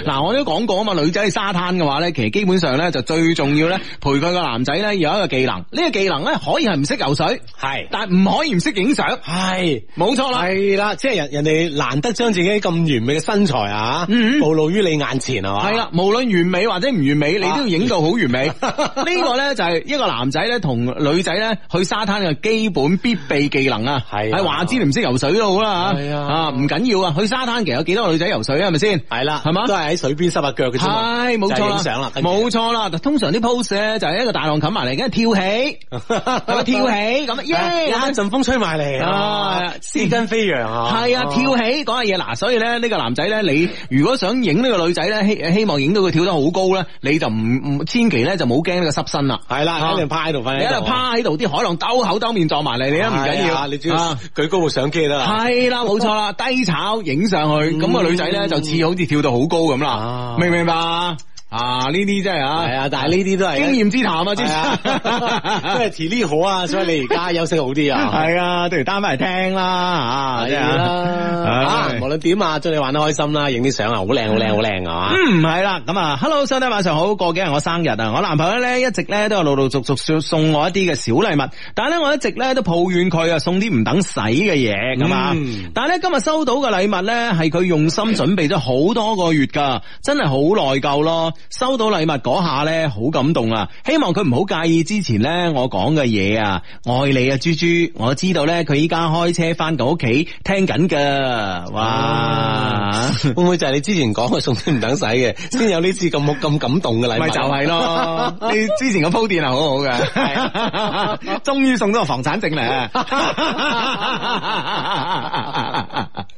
嗱，我都講過啊嘛，女仔去沙灘嘅話咧，其實基本上咧就最重要咧，陪佢個男仔咧有一個技能。呢、這個技能咧可以係唔識游水，係，但係唔可以唔識影相，係，冇錯啦，係啦，即、就、係、是、人人哋難得將自己咁完美嘅身材啊，暴露於你眼前啊，係、嗯、啦，無論完美或者唔完美。美，你都要影到好完美。呢、啊、 (laughs) 個咧就係一個男仔咧同女仔咧去沙灘嘅基本必備技能啊。係話之你唔識游水都好啦吓、啊，啊，唔緊要啊。去沙灘其實有幾多少個女仔游是是水、就是、啊？係咪先？係、啊、啦，係嘛，都係喺水邊濕下腳嘅啫。係冇錯，影相啦，冇錯啦。通常啲 pose 咧就係一個大浪冚埋嚟，跟住跳起， (laughs) 跳起咁，耶！一、啊、陣、啊、風吹埋嚟，絲巾飛揚啊！係啊，啊，啊，啊，跳起講下嘢嗱，所以咧呢個男仔咧，你如果想影呢個女仔咧，希希望影到佢跳得好高咧。你就唔唔，千祈咧就冇驚呢個濕身啦。係啦，你喺度趴喺度，啲海浪兜口兜面撞埋嚟，你都唔緊要緊。你主要舉高部相機啦。係啦，冇錯啦， (laughs) 低炒影上去，咁、嗯個女仔咧就似好似跳到好高咁啦、嗯，明唔、啊、明白？啊！呢啲真係啊，係啊，但係呢啲都係經驗之談啊，即係遲啲好啊，所以你而家休息好啲啊，係啊，都嚟聽翻嚟聽啦，吓，係啦、啊，吓、啊啊啊啊啊啊，無論點啊，祝你玩得開心啦，影啲相啊，好靚，好靚，好靚啊，嗯，係啦，咁啊，Hello，兄弟，晚上好，過幾日我生日啊，我男朋友咧一直咧都係陸陸續續送送我一啲嘅小禮物，但係咧我一直咧都抱怨佢啊，送啲唔等使嘅嘢，咁啊，但係咧今日收到嘅禮物咧係佢用心準備咗好多個月噶，真係好內疚咯。收到禮物嗰下咧，好感動啊！希望佢唔好介意之前咧我講嘅嘢啊，愛你啊，豬豬！我知道咧，佢依家開車翻到屋企聽緊噶，哇！啊、會唔會就係你之前講嘅送先唔等使嘅，先 (laughs) 有呢次咁咁感動嘅禮物？咪就係、是、咯，你之前嘅鋪墊係好好嘅，終 (laughs) 於 (laughs) 送咗個房產證嚟啊！ (laughs)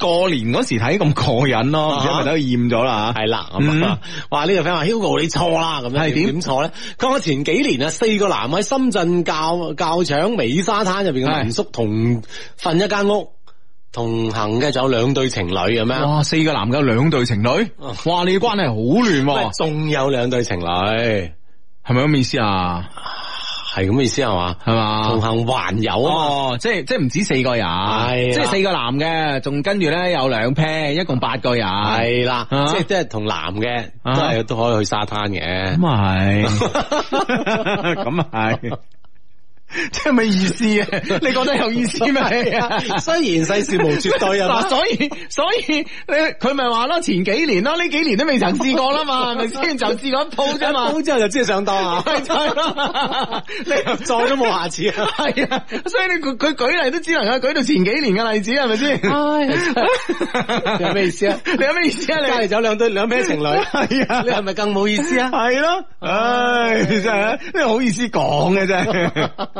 過年嗰時睇咁過癮咯，而家咪都厭咗啦吓。係啦，哇呢個 friend 話 Hugo 你錯啦，咁樣係點點錯咧？佢話我前幾年啊四個男喺深圳教教場尾沙灘入邊嘅民宿同瞓一間屋，同行嘅仲有兩對情侶，係咪啊？哇，四個男嘅有兩對情侶，哇你關係好亂，仲有兩對情侶，係咪咁意思啊？係咁嘅意思係嘛，係嘛，同行環遊啊嘛，哦，即係即係唔止四個人，即係四個男嘅，仲跟住咧有兩 pair，一共八個人，係啦，啊、即係即係同男嘅都係都可以去沙灘嘅，咁啊係，咁啊係。即係咩意思啊？你覺得有意思咩啊？雖然世事無絕對啊， (laughs) 所以所以你佢咪話咯，前幾年咯呢幾年都未曾試過啦嘛，係咪先就試過一鋪啫嘛，之後就知上當啊，係 (laughs) 咯， (laughs) 你再都冇下次啊，係啊，所以你佢佢舉例都只能夠舉到前幾年嘅例子係咪先？是是哎、 (laughs) 你有咩意思啊？ (laughs) 你有咩意思 (laughs) 有什麼啊？你隔籬走兩對兩 pair 情侶，係啊， (laughs) 啊、哎、 (laughs) 啊，你係咪更冇意思啊？係咯，唉，真係，你好意思講嘅啫。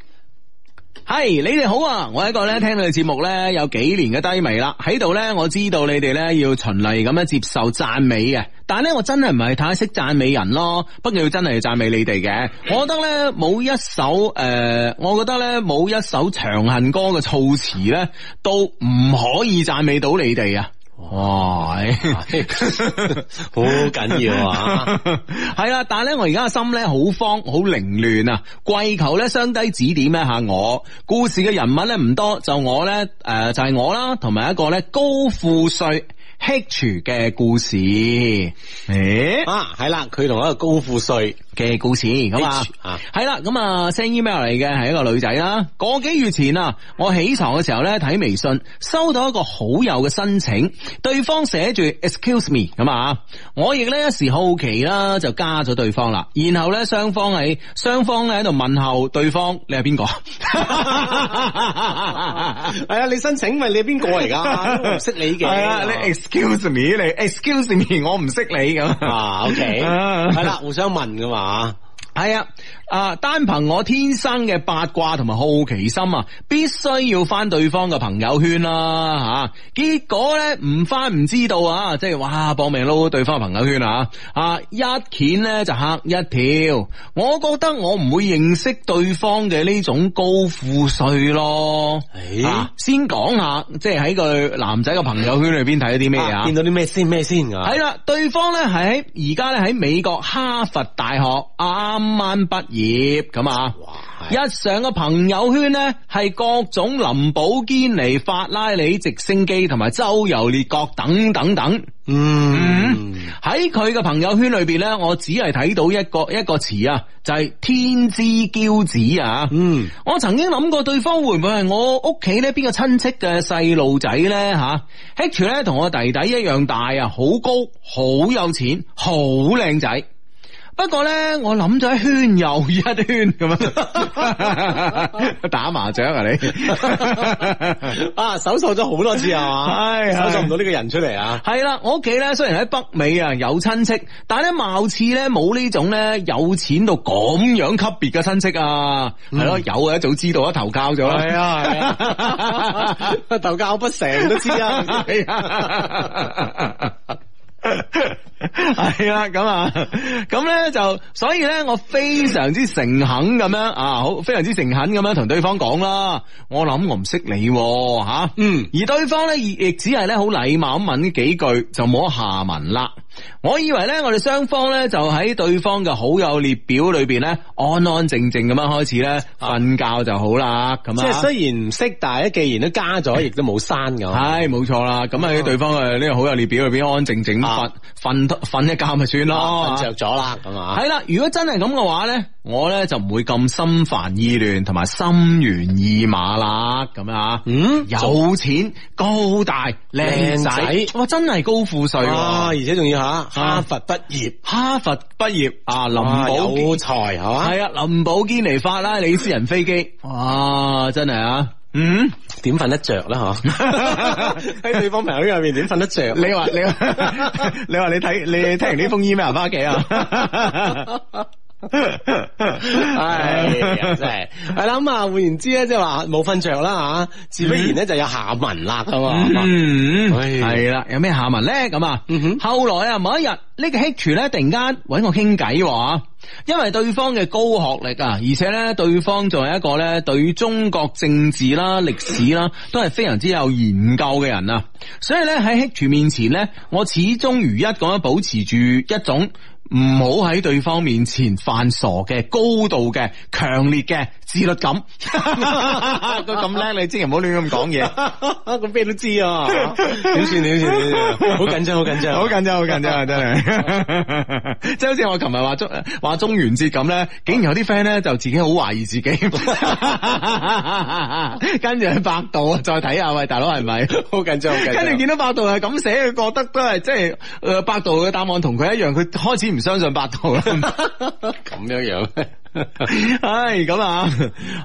係你哋好啊！我喺度咧聽你哋節目咧有幾年嘅低迷啦，喺度咧我知道你哋咧要循例咁樣接受讚美嘅，但係咧我真係唔係太識讚美人咯。不過要真係讚美你哋嘅，我覺得咧冇一首誒、呃，我覺得咧冇一首長恨歌嘅措辭咧，都唔可以讚美到你哋啊！哇、哦、好、哎、緊 (laughs) 重要 (laughs) 啊！係啦，但係咧，我而家心咧好慌，好凌亂啊！跪求咧，相低指點一下我。故事嘅人物咧唔多，就我咧，誒，就係、是、我啦，同埋一個咧高富帥 h 廚嘅故事。誒，啊，係啦，佢同一個高富帥。嘅故事咁啊，係、啊、啦，咁啊 send email 嚟嘅係一個女仔啦。個幾月前啊，我起床嘅時候咧睇微信，收到一個好友嘅申請，對方寫住 excuse me 咁啊，我亦咧一時好奇啦，就加咗對方啦。然後咧雙方喺雙方咧喺度問候對方，你係邊個？係 (laughs) 啊、 (laughs) 哎，你申請問你係邊個嚟噶？唔 (laughs) 識你嘅係你 excuse me，你 excuse me，我唔識你咁啊。O K，係啦，互相問噶嘛啊。係啊！啊，單憑我天生嘅八卦同埋好奇心啊，必須要翻對方嘅朋友圈啦吓。結果咧，唔翻唔知道啊，即係哇搏命撈對方嘅朋友圈啊啊！一見咧就嚇一跳。我覺得我唔會認識對方嘅呢種高富帥咯。誒、欸啊，先講下，即係喺佢男仔嘅朋友圈裏邊睇咗啲咩啊？見到啲咩先？咩先啊？係啦，對方咧喺而家咧喺美國哈佛大學啊。今晚畢業咁啊！一上個朋友圈呢，係各種林寶堅尼、堅嚟法拉利直升機同埋周遊列國等等等。嗯，喺佢嘅朋友圈裏邊呢，我只係睇到一個一個詞啊，就係、是、天之驕子啊。嗯，我曾經諗過對方會唔會係我屋企呢邊個親戚嘅細路仔呢？吓 Hector 呢 c 同我弟弟一樣大啊，好高，好有錢，好靚仔。不過咧，我諗咗一圈又一圈咁樣， (laughs) 打麻雀啊你 (laughs) 啊，搜索咗好多次啊嘛，搜索唔到呢個人出嚟啊，係啦，我屋企咧雖然喺北美啊有親戚，但係咧貌似咧冇呢種咧有錢到咁樣級別嘅親戚啊，係、嗯、咯，有啊，一早知道投 (laughs) 啊投教咗，係啊，投教不成都知啊。 (laughs) (laughs) 係 (laughs) 啊，咁啊，咁咧就，所以咧我非常之誠懇咁樣啊，好非常之誠懇咁樣同對方講啦，我諗我唔識你吓、啊，嗯，而對方咧亦亦只係咧好禮貌咁問呢幾句，就冇下文啦。我以為咧，我哋雙方咧就喺對方嘅好友列表裏邊咧，安安靜靜咁樣開始咧瞓覺就好啦。咁啊，啊，即係雖然唔識大，但係咧既然都加咗，亦都冇刪嘛。係冇錯啦，咁啊喺對方嘅呢個好友列表裏邊安安靜靜瞓瞓瞓一覺咪算咯，瞓着咗啦。咁啊，係啦，啊，如果真係咁嘅話咧，我咧就唔會咁心煩意亂，同埋心猿意馬啦。咁啊，嗯，有錢高大靚仔，仔，哇，真係高富帥，啊啊，而且仲要。哈佛畢業，哈佛畢業，哈佛畢業啊！林寶堅有才係嘛？係啊，林寶堅尼法拉利私人飛機哇！真係啊，嗯，點瞓得着啦、啊？嗬，喺對方朋友圈入面點瞓得着？你話你，你話 (laughs) 你睇你，你聽完呢封 email 翻屋企啊？ (laughs) (laughs) 唉，真係，係啦咁啊！換言之咧，即係話冇瞓着啦吓，自不然咧就有下文啦嘛。嗯，係啦，有咩下文咧？咁啊、嗯，後來啊，某一日呢個 Hitu 咧，突然間揾我傾偈話，因為對方嘅高學歷啊，而且咧，對方作為一個咧，對中國政治啦、歷史啦，都係非常之有研究嘅人啊，所以咧喺 Hitu 面前咧，我始終如一咁樣保持住一種。唔好喺對方面前犯傻嘅高度嘅強烈嘅。自律感，佢咁叻，你真係唔好亂咁講嘢，咁咩 (laughs) 都知啊！點算？點算？點算，好緊張，好緊張，好緊張，好緊張啊！真係，即係好似我琴日話中話中元節咁咧，竟然有啲 friend 咧就自己好懷疑自己， (laughs) 跟住去百度再睇下喂，大佬係咪好緊張？跟住見到百度係咁寫，佢覺得都係即係，誒、就是，百度嘅答案同佢一樣，佢開始唔相信百度啦。咁 (laughs) 樣樣唉、 (laughs) 哎，咁啊，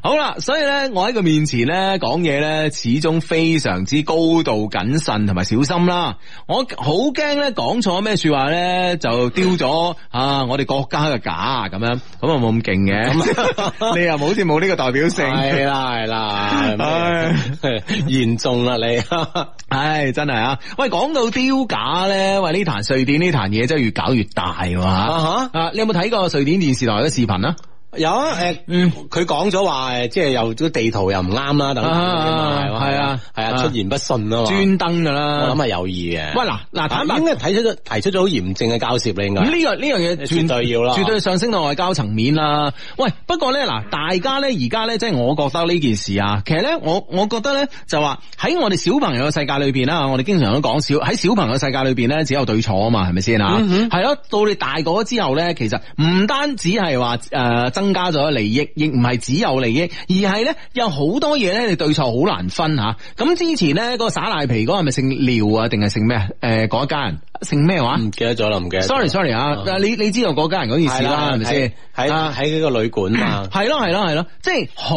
好啦，所以咧，我喺佢面前咧講嘢咧，始終非常之高度謹慎同埋小心啦。我好驚咧講錯咩說話咧，就丟咗啊！我哋國家嘅架咁樣咁又冇咁勁嘅。 (laughs) (laughs) 你又冇好似冇呢個代表性。係 (laughs) 啦、啊，係啦、啊，唉、啊，嚴 (laughs) 重啦你。唉、 (laughs) 哎，真係啊！喂，講到丟架咧，喂，呢壇瑞典呢壇嘢真係越搞越大喎。Uh-huh. 啊，你有冇睇過瑞典電視台嘅視頻啊？有啊，誒、欸，嗯，佢講咗話誒，即係又啲地圖又唔啱啦，等等，係啊，係啊，啊，啊，出言不順啊嘛，專登㗎啦，我諗係有意嘅。喂，嗱，嗱，坦白應該提出咗提出咗好嚴正嘅交涉。你應該。咁、嗯、呢、這個呢樣嘢絕對要啦，絕對上升到外交層面啦。喂，不過咧嗱，大家咧而家咧，即、就、係、是、我，我，我覺得呢件事啊，其實咧，我我覺得咧就話喺我哋小朋友嘅世界裏邊啦，我哋經常都講小喺小朋友嘅世界裏邊咧，只有對錯啊嘛，係咪先啊？係咯，到你大個咗之後咧，其實唔單止係話誒增加咗利益，亦唔係只有利益，而係咧有好多嘢咧，你對錯好難分吓。咁、啊、之前咧個耍賴皮嗰個係咪姓廖啊？定係姓咩？誒、呃，講一家人姓咩話？唔記得咗啦，唔記 Sorry，Sorry 啊、嗯，你你知道嗰家人嗰件事啦，係咪先？喺喺個旅館啊嘛，係咯，係咯，係咯，即係好，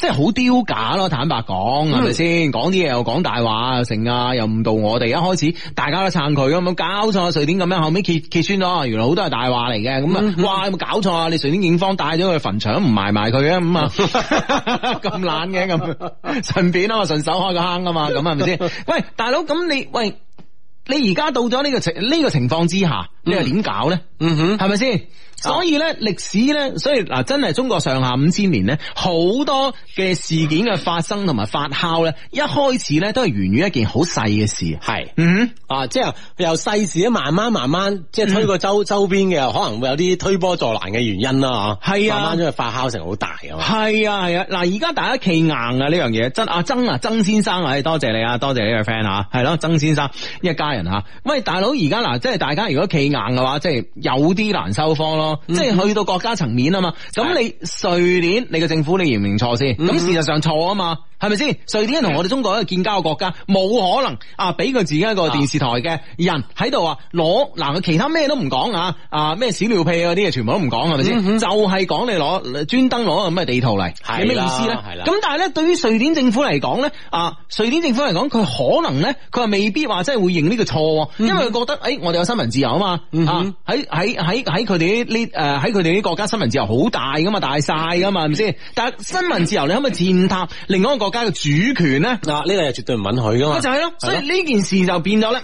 即係好丟架咯。坦白講，係咪先？講啲嘢又講大話又，成啊又誤導我哋。一開始大家都撐佢咁樣，搞錯啊？瑞典咁樣？後尾揭揭穿咗，原來好多係大話嚟嘅。咁啊，哇！有冇搞錯啊？你瑞典。警方帶咗去墳場，唔埋埋佢嘅咁啊，咁懶嘅咁，順便啊，我順手開個坑啊嘛，咁係咪先？喂，大佬，咁你喂，你而家到咗呢個情呢個情況之下，你係點搞咧？嗯哼，係咪先？嗯所以咧，歷史咧，所以嗱，真係中國上下五千年咧，好多嘅事件嘅發生同埋發酵咧，一開始咧都係源於一件好細嘅事，係、嗯，啊，即係由細事慢慢慢慢，即係推過周、嗯、周邊嘅，可能會有啲推波助瀾嘅原因啦、啊啊啊啊啊這個，啊，慢慢出去發酵成好大啊，係啊係啊，嗱，而家大家企硬啊呢樣嘢，真阿曾啊曾先生，啊、哎，多謝你啊，多謝呢個 friend 啊。係咯、啊，曾先生一、這個、家人吓、啊，喂，大佬而家嗱，即係大家如果企硬嘅話，即係有啲難收科咯。嗯、即係去到國家層面啊嘛，咁、嗯、你瑞典你嘅政府你認唔認錯先？咁、嗯、事實上錯啊嘛。係咪先？瑞典同我哋中國一個建交嘅國家，冇可能啊！俾佢自己一個電視台嘅人喺度啊，攞嗱佢其他咩都唔講啊！啊咩屎尿屁嗰啲嘢全部都唔講係咪先？就係、是、講你攞專登攞個咁嘅地圖嚟，係咩意思咧？咁但係咧，對於瑞典政府嚟講咧，啊瑞典政府嚟講，佢可能咧，佢話未必話真係會認呢個錯、嗯，因為佢覺得誒、哎，我哋有新聞自由啊嘛，啊喺喺喺喺佢哋啲呢誒喺佢哋啲國家新聞自由好大噶嘛，大晒噶嘛係咪先？但係新聞自由你可唔可以踐踏？另外一個。國家嘅主權咧，嗱、啊、呢、呢個又絕對唔允許噶嘛，就係咯，所以呢件事就變咗咧，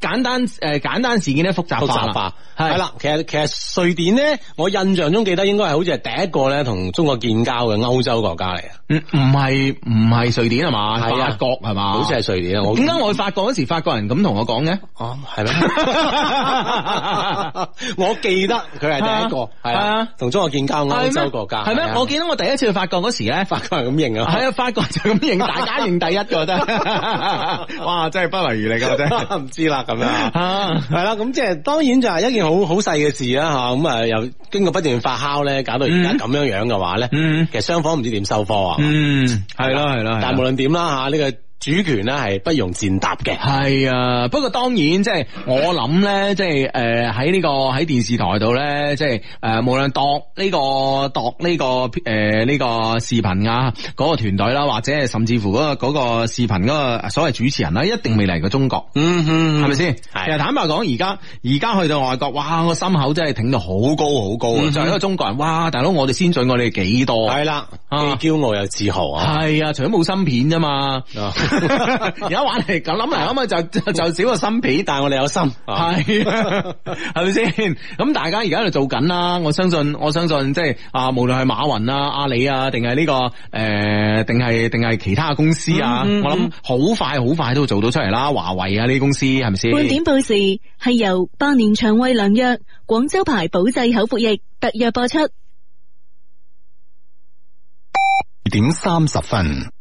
簡單誒簡單事件咧複雜化係啦，其實其實瑞典咧，我印象中記得應該係好似係第一個咧同中國建交嘅歐洲國家嚟，唔係，係唔係瑞典係嘛，法國係嘛，好似係瑞典，我點解我去法國嗰時，法國人咁同我講嘅，哦係咩？ (laughs) (laughs) 我記得佢係第一個係啊，同中國建交歐洲國家，係咩？我見到我第一次去法國嗰時咧，法國人咁認啊，係啊，法國。咁 (laughs) 認大家認第一，我覺， (laughs) 得，哇，真係不遺餘力噶，真，唔知啦，咁樣，係 (laughs) 啦，咁即係當然就係一件好好細嘅事啦，吓，咁啊又經過不斷發酵咧，搞到而家咁樣樣嘅話咧，嗯，其實雙方唔知點收貨啊，嗯，係囉係囉，但係無論點啦吓，呢、這個。主權咧係不容踐踏嘅。係啊，不過當然即係、就是、我諗咧，即係誒喺呢個喺電視台度咧，即係誒無論奪呢個奪呢、這個誒呢、呃這個視頻啊嗰個團隊啦，或者係甚至乎嗰、那個那個視個視頻嗰個所謂主持人啦，一定未嚟過中國。嗯哼，係咪先？係其實坦白講，而家而家去到外國，哇！個心口真係挺到好高好高啊！作為、嗯、一個中國人，哇！大佬、啊、我哋先進過你哋幾多，多？係啦，既驕傲又自豪啊！係啊，啊，除咗冇芯片啫嘛。 (laughs) 而 (laughs) 家玩嚟，咁諗嚟諗啊，就就少個心脾，但係我哋有心，係，係咪先？咁 (laughs) 大家而家喺度做緊啦，我相信，我相信即係啊，無論係馬雲啊、阿里啊，定係呢個誒，定係定係其他公司啊，嗯嗯嗯我諗好快好快都做到出嚟啦。華為啊，呢啲公司係咪先？半點報時係由百年腸胃良藥廣州牌保濟口服液特約播出，二點三十分。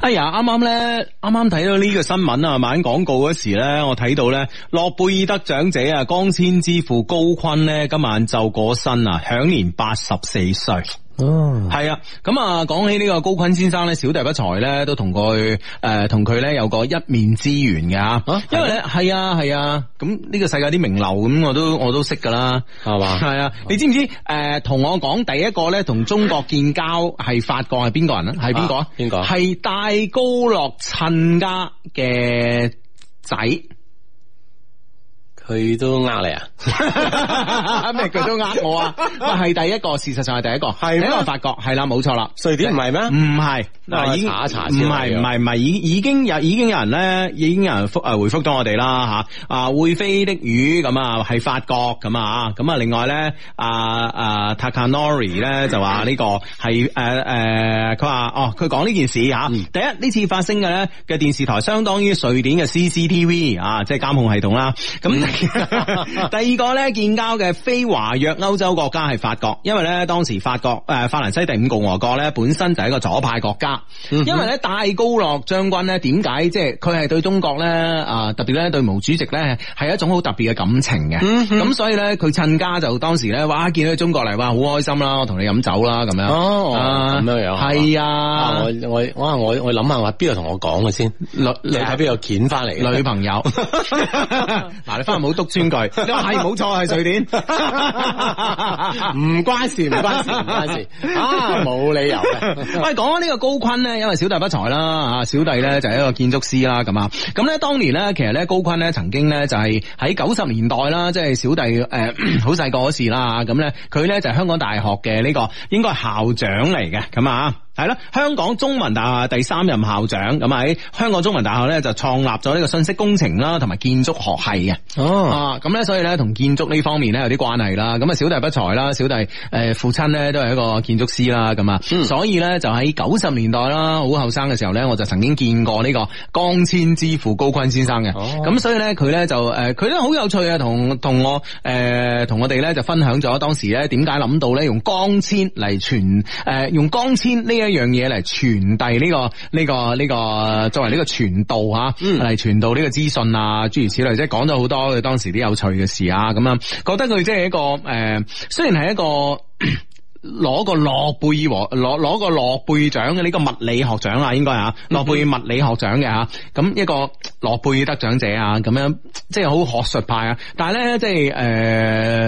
哎呀，啱啱咧，啱啱睇到呢個新聞啊，晚廣告嗰時咧，我睇到咧，諾貝爾得獎者啊，光纖之父高錕咧，今晚就過身啊，享年八十四歲。哦、嗯，係啊，咁啊，講起呢個高錕先生咧，小弟不才咧，都同佢誒，同佢咧有一個一面之緣嘅吓，因為咧係啊係啊，咁呢、啊啊這個世界啲名流咁，我都我都識噶啦，係嘛，係啊，你知唔知誒，同、嗯、我講第一個咧，同中國建交係法國係邊個人啊？係邊個啊？邊個係戴高樂親家嘅仔。佢都呃你啊？咩佢都呃我啊？係第一個，事實上係第一個，係呢個法國，係啦，冇錯啦。瑞典唔係咩？唔係，嗱、嗯，已經查一查先。唔係唔係唔係，已已經有已經有人咧，已經有人復誒回覆咗我哋啦吓。啊，會飛的魚咁啊，係法國咁啊，咁啊，另外咧，阿阿塔卡諾瑞咧就話呢、這個係誒誒，佢話、啊啊、哦，佢講呢件事吓、啊嗯，第一呢次發生嘅咧嘅電視台相當於瑞典嘅 CCTV 啊，即係監控系統啦，咁。嗯 (laughs) 第二個咧建交嘅，非華約歐洲國家係法國，因為咧當時法國誒法蘭西第五共和國咧本身就係一個左派國家，嗯、因為咧戴高樂將軍咧點解即係佢係對中國咧啊、呃、特別咧對毛主席咧係一種好特別嘅感情嘅，咁、嗯、所以咧佢趁家就當時咧哇見到中國嚟，哇好開心啦，我同你飲酒啦咁樣哦咁、呃、樣樣係啊，啊，啊，我我我我諗下話邊個同我講嘅先，女你睇邊個揀翻嚟女朋友嗱你翻。 (laughs) (laughs) 冇篤穿佢，係冇錯，係瑞典，唔 (laughs) (laughs) 關事唔關事唔關事啊，冇理由嘅。喂，講下呢個高錕呢，因為小弟不才啦，小弟呢就係一個建築師啦咁啊，咁呢當年呢，其實呢，高錕呢曾經呢就係喺九十年代啦，即係小弟誒好細個嗰時啦，咁呢，佢呢就係香港大學嘅呢個應該係校長嚟嘅咁啊。係啦，香港中文大學第三任校長咁喺香港中文大學咧就創立咗呢個信息工程啦，同埋建築學系嘅。哦，啊，咁咧，所以咧同建築呢方面咧有啲關係啦。咁啊，小弟不才啦，小弟誒，父親咧都係一個建築師啦。咁啊，所以咧就喺九十年代啦，好後生嘅時候咧，我就曾經見過呢個光纖之父高錕先生嘅。咁、oh. 所以咧佢咧就誒，佢都好有趣啊，同同我誒，同我哋咧就分享咗當時咧點解諗到咧用光纖嚟傳誒，用光纖呢？一樣嘢嚟傳遞呢個呢、這個呢、這個作為呢個傳道吓，嚟傳道呢個資訊啊，諸如此類，即係講咗好多佢當時啲有趣嘅事啊，咁樣覺得佢即係一個誒，雖然係一個攞、嗯、個諾貝爾和攞攞個諾貝爾獎嘅呢個物理學獎啊，應該吓諾貝爾物理學獎嘅吓，咁、嗯、一個諾貝爾得獎者啊，咁樣即係好學術派啊，但係咧即係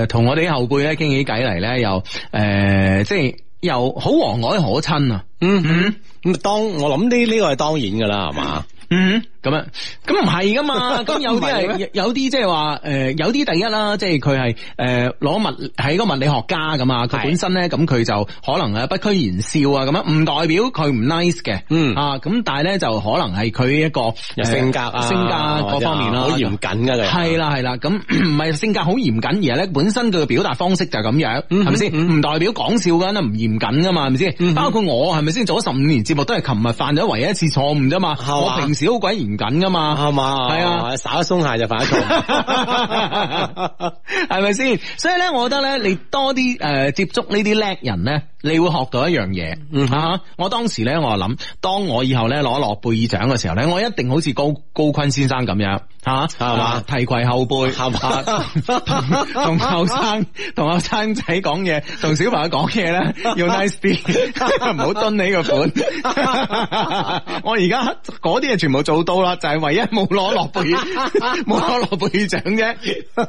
誒，同、呃、我哋後輩咧傾起偈嚟咧，又誒、呃、即係。又好和藹可親啊，嗯哼，咁、嗯、當我諗呢呢個係當然噶啦，係、嗯、嘛。嗯咁樣，咁唔係噶嘛？咁有啲係有啲即係話誒，有啲第一啦，即係佢係誒攞物係個物理學家咁啊。佢本身咧，咁佢就可能係不拘言笑、nice 嗯、啊，咁樣唔代表佢唔 nice 嘅。嗯啊，咁但係咧就可能係佢一個有性格啊、呃、性格嗰方面咯、啊。好嚴謹嘅你係啦係啦，咁唔係性格好嚴謹，而係咧本身佢嘅表達方式就咁樣，係咪先？唔、嗯、代表講笑噶，唔嚴謹噶嘛，係咪先？包括我係咪先做咗十五年節目，都係琴日犯咗唯一一次錯誤啫嘛。我小鬼嚴謹噶嘛，係嘛？係啊，稍一鬆懈就犯錯，係咪先？所以咧，我覺得咧，你多啲誒接觸呢啲叻人咧。你會學到一樣嘢，嗯、mm、吓 -hmm. 啊，我當時咧我就諗，當我以後咧攞諾貝爾獎嘅時候咧，我一定好似高高坤先生咁樣，吓係嘛，提携後輩，係同後生同後生仔講嘢，同 (laughs) 小朋友講嘢咧，nice beat, (laughs) (laughs) 要 nice 啲，唔好蹲你個款。 (laughs) 我而家啲嘢全部做到啦，就係、是、唯一冇攞諾貝爾冇攞諾貝爾獎啫。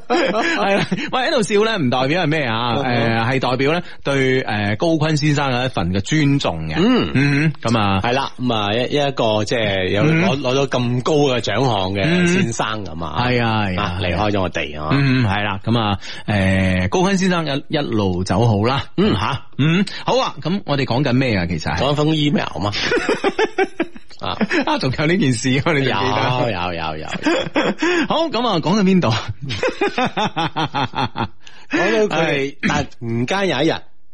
係 (laughs) 啦， (laughs) 喂喺度笑咧，唔代表係咩啊？誒、 (laughs) 呃，係代表咧對誒、呃、高坤。高坤先生有一份嘅尊重嘅嗯嗯、啊就是，嗯，咁啊，係啦，咁啊一一個即係有攞攞到咁高嘅獎項嘅先生咁啊，係啊，離開咗我哋，嗯，係啦，咁啊，誒，高坤先生一一路走好啦，嗯吓、啊，嗯，好啊，咁我哋講緊咩啊？其實講封 email 嘛， (laughs) (laughs) 啊，仲有呢件事，有有有有，有，好，咁啊，講緊邊度？講 (laughs) 到佢他哋， (laughs) 但唔間有一日。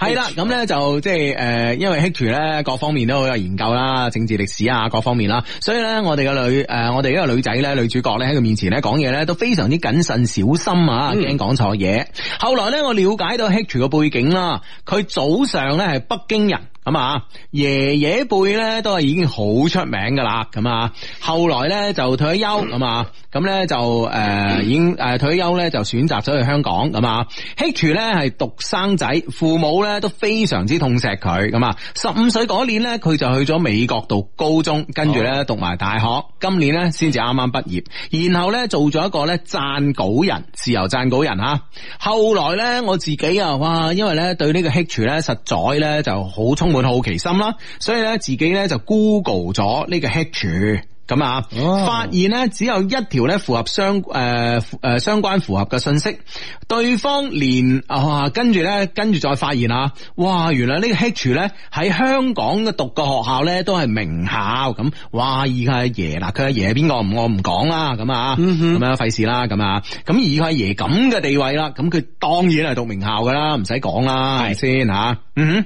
係啦，咁咧就即係誒，因為 h i t e 咧各方面都好有研究啦，政治歷史啊，各方面啦，所以咧我哋嘅女誒、呃，我哋呢個女仔咧，女主角咧喺佢面前咧講嘢咧都非常之謹慎小心啊，驚講錯嘢。後來咧我了解到 h i t e 嘅背景啦，佢早上咧係北京人，咁啊，爺爺輩咧都係已經好出名噶啦，咁啊，後來咧就退咗休，咁啊，咁咧就誒已經誒退休咧就選擇咗去香港，咁啊，h i t c e 咧係獨生仔，父母咧。都非常之痛錫佢咁啊！十五歲嗰年呢，佢就去咗美國讀高中，跟住呢讀埋大學，今年呢先至啱啱畢業，然後呢做咗一個呢撰稿人，自由撰稿人吓，後來我自己啊，哇，因為呢對呢個 Hitchu 實在呢就好充滿好奇心啦，所以呢自己呢就 Google 咗呢個 Hitchu 咁啊，發現咧只有一條咧符合相誒誒、呃、相關符合嘅信息，對方連哇，跟住咧跟住再發現啊，哇原來呢個 H 叔咧喺香港嘅讀個學校咧都係名校，咁哇而家阿爺嗱，佢阿爺係邊個？我唔講啦，咁啊，咁、嗯、樣費事啦，咁啊，咁而家阿爺咁嘅地位啦，咁佢當然係讀名校噶啦，唔使講啦，係先吓、啊，嗯哼。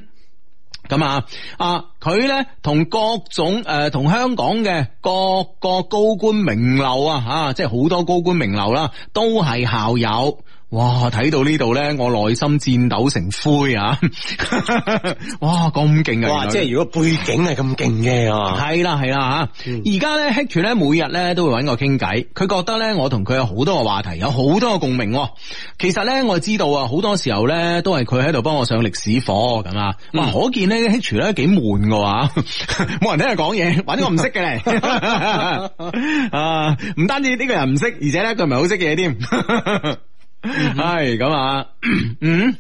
咁啊啊！佢、啊、咧同各種誒、呃，同香港嘅各個高官名流啊，吓、啊、即係好多高官名流啦、啊，都係校友。哇！睇到呢度咧，我內心戰鬥成灰啊！哇，咁勁啊！哇，即係如果背景係咁勁嘅，係啦係啦吓！而家咧，Hitch 咧，嗯、每日咧都會搵我傾偈。佢覺得咧，我同佢有好多個話題，有好多個共鳴。其實咧，我知道啊，好多時候咧都係佢喺度幫我上歷史課咁啊。哇，嗯、可見咧，Hitch 咧幾悶噶，冇人聽佢講嘢，搵我唔識嘅嚟。啊，唔單止呢個人唔識，而且咧佢唔係好識嘅嘢添。係咁啊，嗯，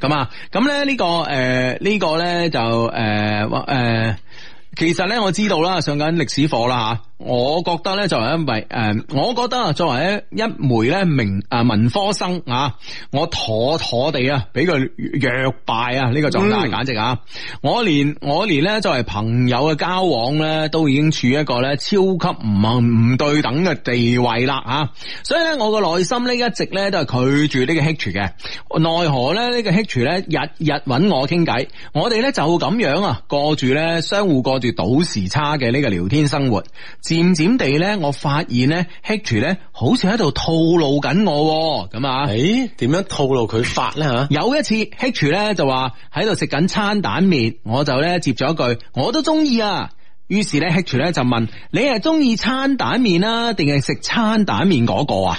咁啊，咁咧呢個誒呢、呃呢個咧就誒誒。呃呃其實咧我知道啦，上緊歷史課啦吓，我覺得咧作為一位誒，我覺得啊作為一一枚咧名誒文科生啊，我妥妥哋啊俾佢弱敗啊呢個狀態，簡直啊、嗯！我連我連咧作為朋友嘅交往咧都已經處於一個咧超級唔唔對等嘅地位啦吓，所以咧我個內心咧一直咧都係拒絕呢個 h i t c h 嘅，奈何咧呢個 h i t c h 咧日日揾我傾偈，我哋咧就咁樣啊過住咧相互過住倒時差嘅呢個聊天生活，漸漸地咧，我發現咧，Hitcher 咧好似喺度套路緊我咁啊！誒，點樣套路佢發咧吓？有一次 Hitcher 咧就話喺度食緊餐蛋麵，我就咧接咗一句，我都中意啊！於是咧 Hitcher 咧就問：你係中意餐蛋麵啦，定係食餐蛋麵嗰個啊？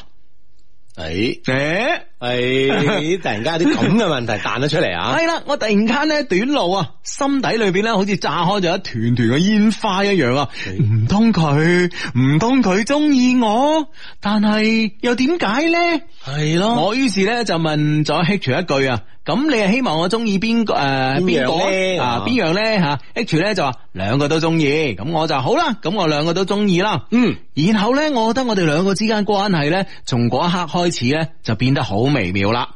誒誒！係突然間啲咁嘅問題彈咗出嚟啊！係 (laughs) 啦，我突然間咧短路啊，心底裏邊咧好似炸開咗一團團嘅煙花一樣啊！唔通佢唔通佢中意我，但係又點解咧？係咯，我於是咧就問咗 H 一句啊，咁你係希望我中意邊個誒邊個啊？邊樣咧吓 H 咧就話兩個都中意，咁我就好啦，咁我兩個都中意啦。嗯，然後咧，我覺得我哋兩個之間關係咧，從嗰一刻開始咧，就變得好。微妙啦，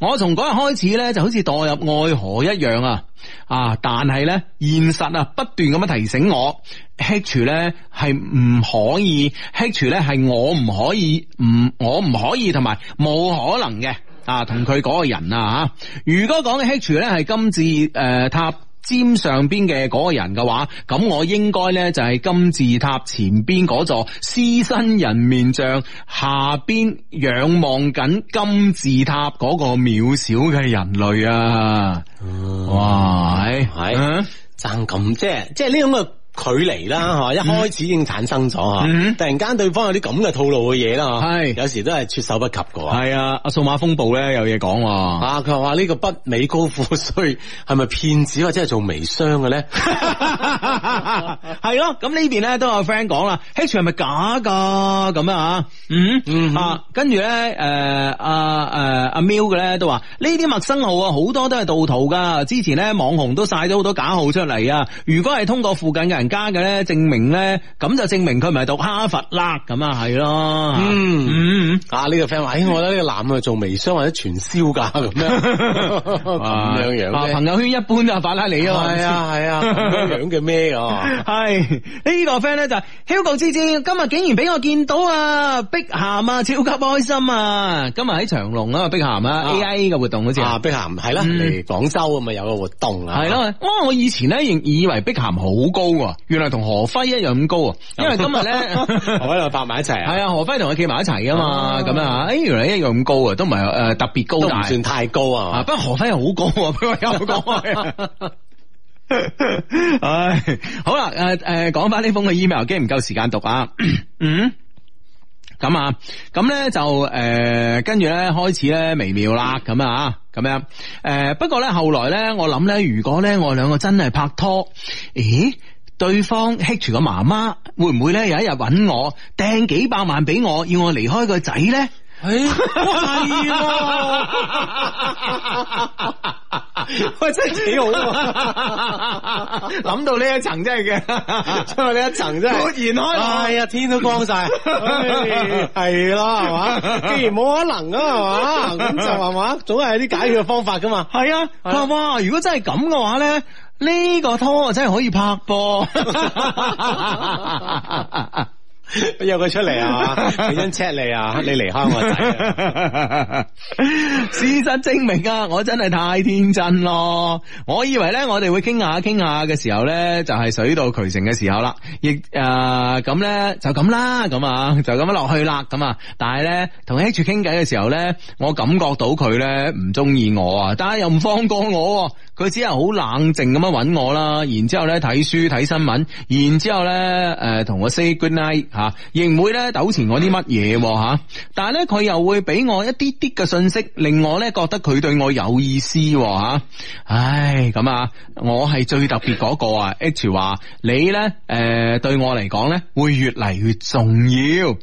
我從嗰日開始咧，就好似墮入愛河一樣啊！啊，但係咧，現實啊，不斷咁樣提醒我，Hitcher 咧係唔可以，Hitcher 咧係我唔可以，唔我唔可以，同埋冇可能嘅啊！同佢嗰個人啊吓，如果講嘅 Hitcher 咧係今次誒塔。呃尖上邊嘅嗰個人嘅話，咁我應該咧就係金字塔前邊嗰座獅身人面像下邊仰望緊金字塔嗰個渺小嘅人類啊！嗯、哇，係係，咁、啊、即係即係呢咁嘅。距離啦嚇，一開始已經產生咗嚇，突然間對方有啲咁嘅套路嘅嘢啦嚇，有時都係措手不及嘅喎。係啊，阿數碼風暴咧有嘢講啊，佢話呢個北美高富帥係咪騙子或者係做微商嘅咧？係 (laughs) 咯， (laughs) (laughs) (laughs) 咁呢邊咧都有 friend 講啦，H 係咪假㗎？咁 (laughs) 啊，嗯啊，跟住咧誒阿誒阿 Miu 嘅咧都話呢啲陌生號啊好多都係盜圖㗎，之前咧網紅都曬咗好多假號出嚟啊，如果係通過附近嘅人。家嘅咧，證明咧，咁就證明佢唔係讀哈佛啦，咁啊係咯。嗯，嗯啊呢、這個 friend 話，哎，我覺得呢個男嘅做微商或者傳銷噶咁樣樣、啊。朋友圈一般都係法拉利啊，嘛。係啊係啊，樣嘅咩啊，係呢、 (laughs) 啊啊這個 friend 咧就 h u 之之今日竟然俾我見到啊，碧咸啊，超級開心啊，今日喺長隆啊，啊，碧咸啊 A I A 嘅活動好似啊，碧咸係、啊、啦嚟廣州啊啊、嗯、有個活動啊，係咯，我、啊啊、我以前咧認以為碧咸好高、啊。原來同何輝一樣咁高啊！因為今日咧，我喺度拍埋一齊啊，係啊，何輝同佢企埋一齊啊嘛，咁啊，誒，原來一樣咁高啊，都唔係誒特別高，都唔、呃、算太高啊，啊不過何輝又好高、啊，佢又講開， (laughs) (laughs) 唉，好啦，誒、呃、誒，講翻呢封嘅 email，驚唔夠時間讀啊，嗯，咁啊，咁咧就誒跟住咧開始咧微妙啦，咁啊，咁樣誒、啊，不過咧後來咧我諗咧，如果咧我兩個真係拍拖，咦。對方 hit 住個媽媽，會唔會咧有一日搵我，掟幾百萬俾我要我離開個仔咧？係、哎，喂 (laughs) 是的， (laughs) 真係幾好啊！諗 (laughs) 到呢一層真係嘅，出 (laughs) 呢一層真係突 (laughs) 然開，哎呀，天都光晒，係啦係嘛，既然冇可能啊係嘛，咁就係嘛，總係有啲解決方法噶嘛。係啊，哇！如果真係咁嘅話咧。呢、這個拖真係可以拍波，約佢出嚟啊！想 check 你啊，你離開我仔。事實證明啊，我真係太天真咯！我以為咧，我哋會傾下傾下嘅時候咧，就係、是、水到渠成嘅時候啦。亦誒咁咧就咁啦，咁啊就咁樣落去啦，咁啊。但係咧同 H 傾偈嘅時候咧，我感覺到佢咧唔中意我啊，但係又唔放過我。佢只係好冷靜咁樣揾我啦，然之後咧睇書睇新聞，然之後咧誒同我 say good night 吓，亦唔會咧糾纏我啲乜嘢吓，但係咧佢又會俾我一啲啲嘅信息，令我咧覺得佢對我有意思吓。唉，咁啊，我係最特別嗰個啊。 (laughs) H 話你咧誒對我嚟講咧會越嚟越重要。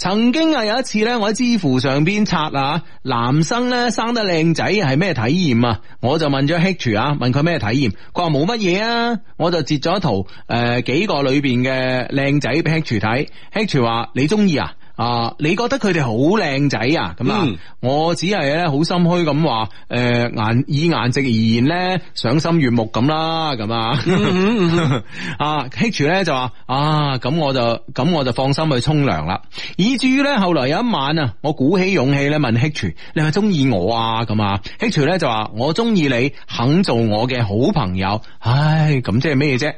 曾經啊，有一次咧，我喺知乎上邊刷啊，男生咧生得靚仔係咩體驗啊？我就問咗 h i 啊，問佢咩體驗，佢話冇乜嘢啊，我就截咗圖，誒、呃、幾個裏邊嘅靚仔俾 h i 睇 h i 話你中意啊？啊！你覺得佢哋好靚仔啊？咁啊，我只係咧好心虛咁話，誒、呃、顏以顏值而言咧賞心悅目咁啦，咁啊， (laughs) 嗯嗯嗯嗯、啊 Hitcher 咧就話啊咁我就咁我就放心去沖涼啦。以至於咧後來有一晚啊，我鼓起勇氣咧問 Hitcher 你係中意我啊？咁啊 Hitcher 咧就話我中意你，肯做我嘅好朋友。唉，咁即係咩啫？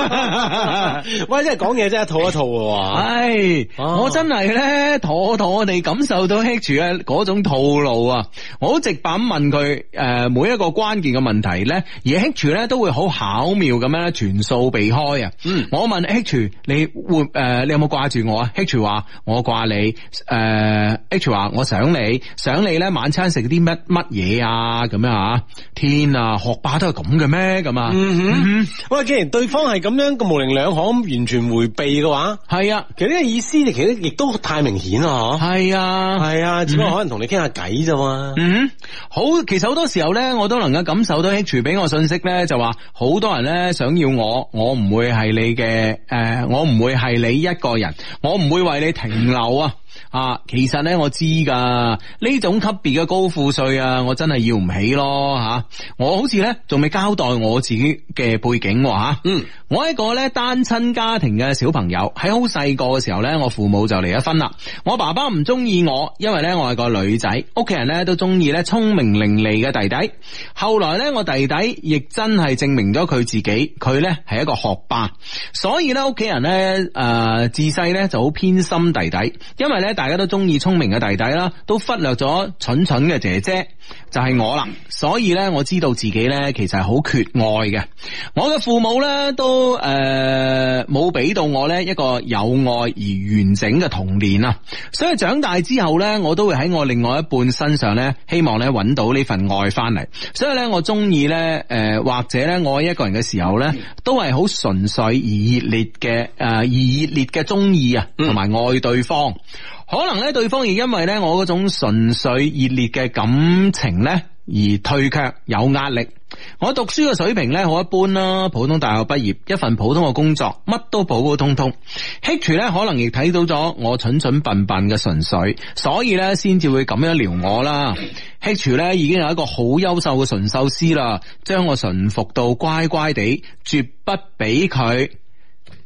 (laughs) (laughs) 喂，即係講嘢真係一套一套嘅喎。唉，啊、我真係。咧妥妥地感受到 Hitcher 啊嗰種套路啊，我直板問佢誒、呃、每一個關鍵嘅問題咧，而 Hitcher 咧都會好巧妙咁樣全數避開啊。嗯，我問 Hitcher 你會誒、呃、你有冇掛住我啊？Hitcher 話我掛你，誒 Hitcher 話我想你想你咧晚餐食啲乜乜嘢啊咁樣啊？天啊，學霸都係咁嘅咩咁啊？喂、嗯嗯，既然對方係咁樣個模棱兩可，咁完全回避嘅話，係啊，其實呢個意思其實亦都。太明顯咯，嗬係啊，係啊，只不過可能同你傾下偈啫嘛。嗯，好，其實好多時候呢，我都能夠感受到 hit 住俾我信息呢，就話好多人呢，想要我，我唔會係你嘅，誒，我唔會係你一個人，我唔會為你停留啊。 (laughs) 啊，其實咧我知噶，呢種級別嘅高富帥啊，我真係要唔起咯吓。我好似呢，仲未交代我自己嘅背景吓，啊，嗯，我係一個呢單親家庭嘅小朋友，喺好細個嘅時候呢，我父母就離咗婚啦。我爸爸唔中意我，因為呢，我係個女仔，屋企人呢，都中意呢，聰明伶俐嘅弟弟。後來呢，我弟弟亦真係證明咗佢自己，佢呢，係一個學霸，所以呢，屋企人呢，誒自細呢就好偏心弟弟，因為呢大家都中意聰明嘅弟弟啦，都忽略咗蠢蠢嘅姐姐，就係我啦。所以呢，我知道自己呢其實係好缺愛嘅。我嘅父母呢都誒冇俾到我呢一個有愛而完整嘅童年啊。所以長大之後呢，我都會喺我另外一半身上呢，希望呢揾到呢份愛翻嚟。所以呢，我中意呢，誒，或者呢我愛一個人嘅時候呢，都係好純粹而熱烈嘅誒、呃，而熱烈嘅中意啊，同埋愛對方。嗯可能咧，對方亦因為咧我嗰種純粹熱烈嘅感情咧而退卻，有壓力。我讀書嘅水平咧，好一般啦，普通大學畢業，一份普通嘅工作，乜都普普通通。Hitcher 咧，可能亦睇到咗我蠢蠢笨笨嘅純粹，所以咧先至會咁樣撩我啦。Hitcher 咧已經有一個好優秀嘅純獸師啦，將我馴服到乖乖地，絕不俾佢。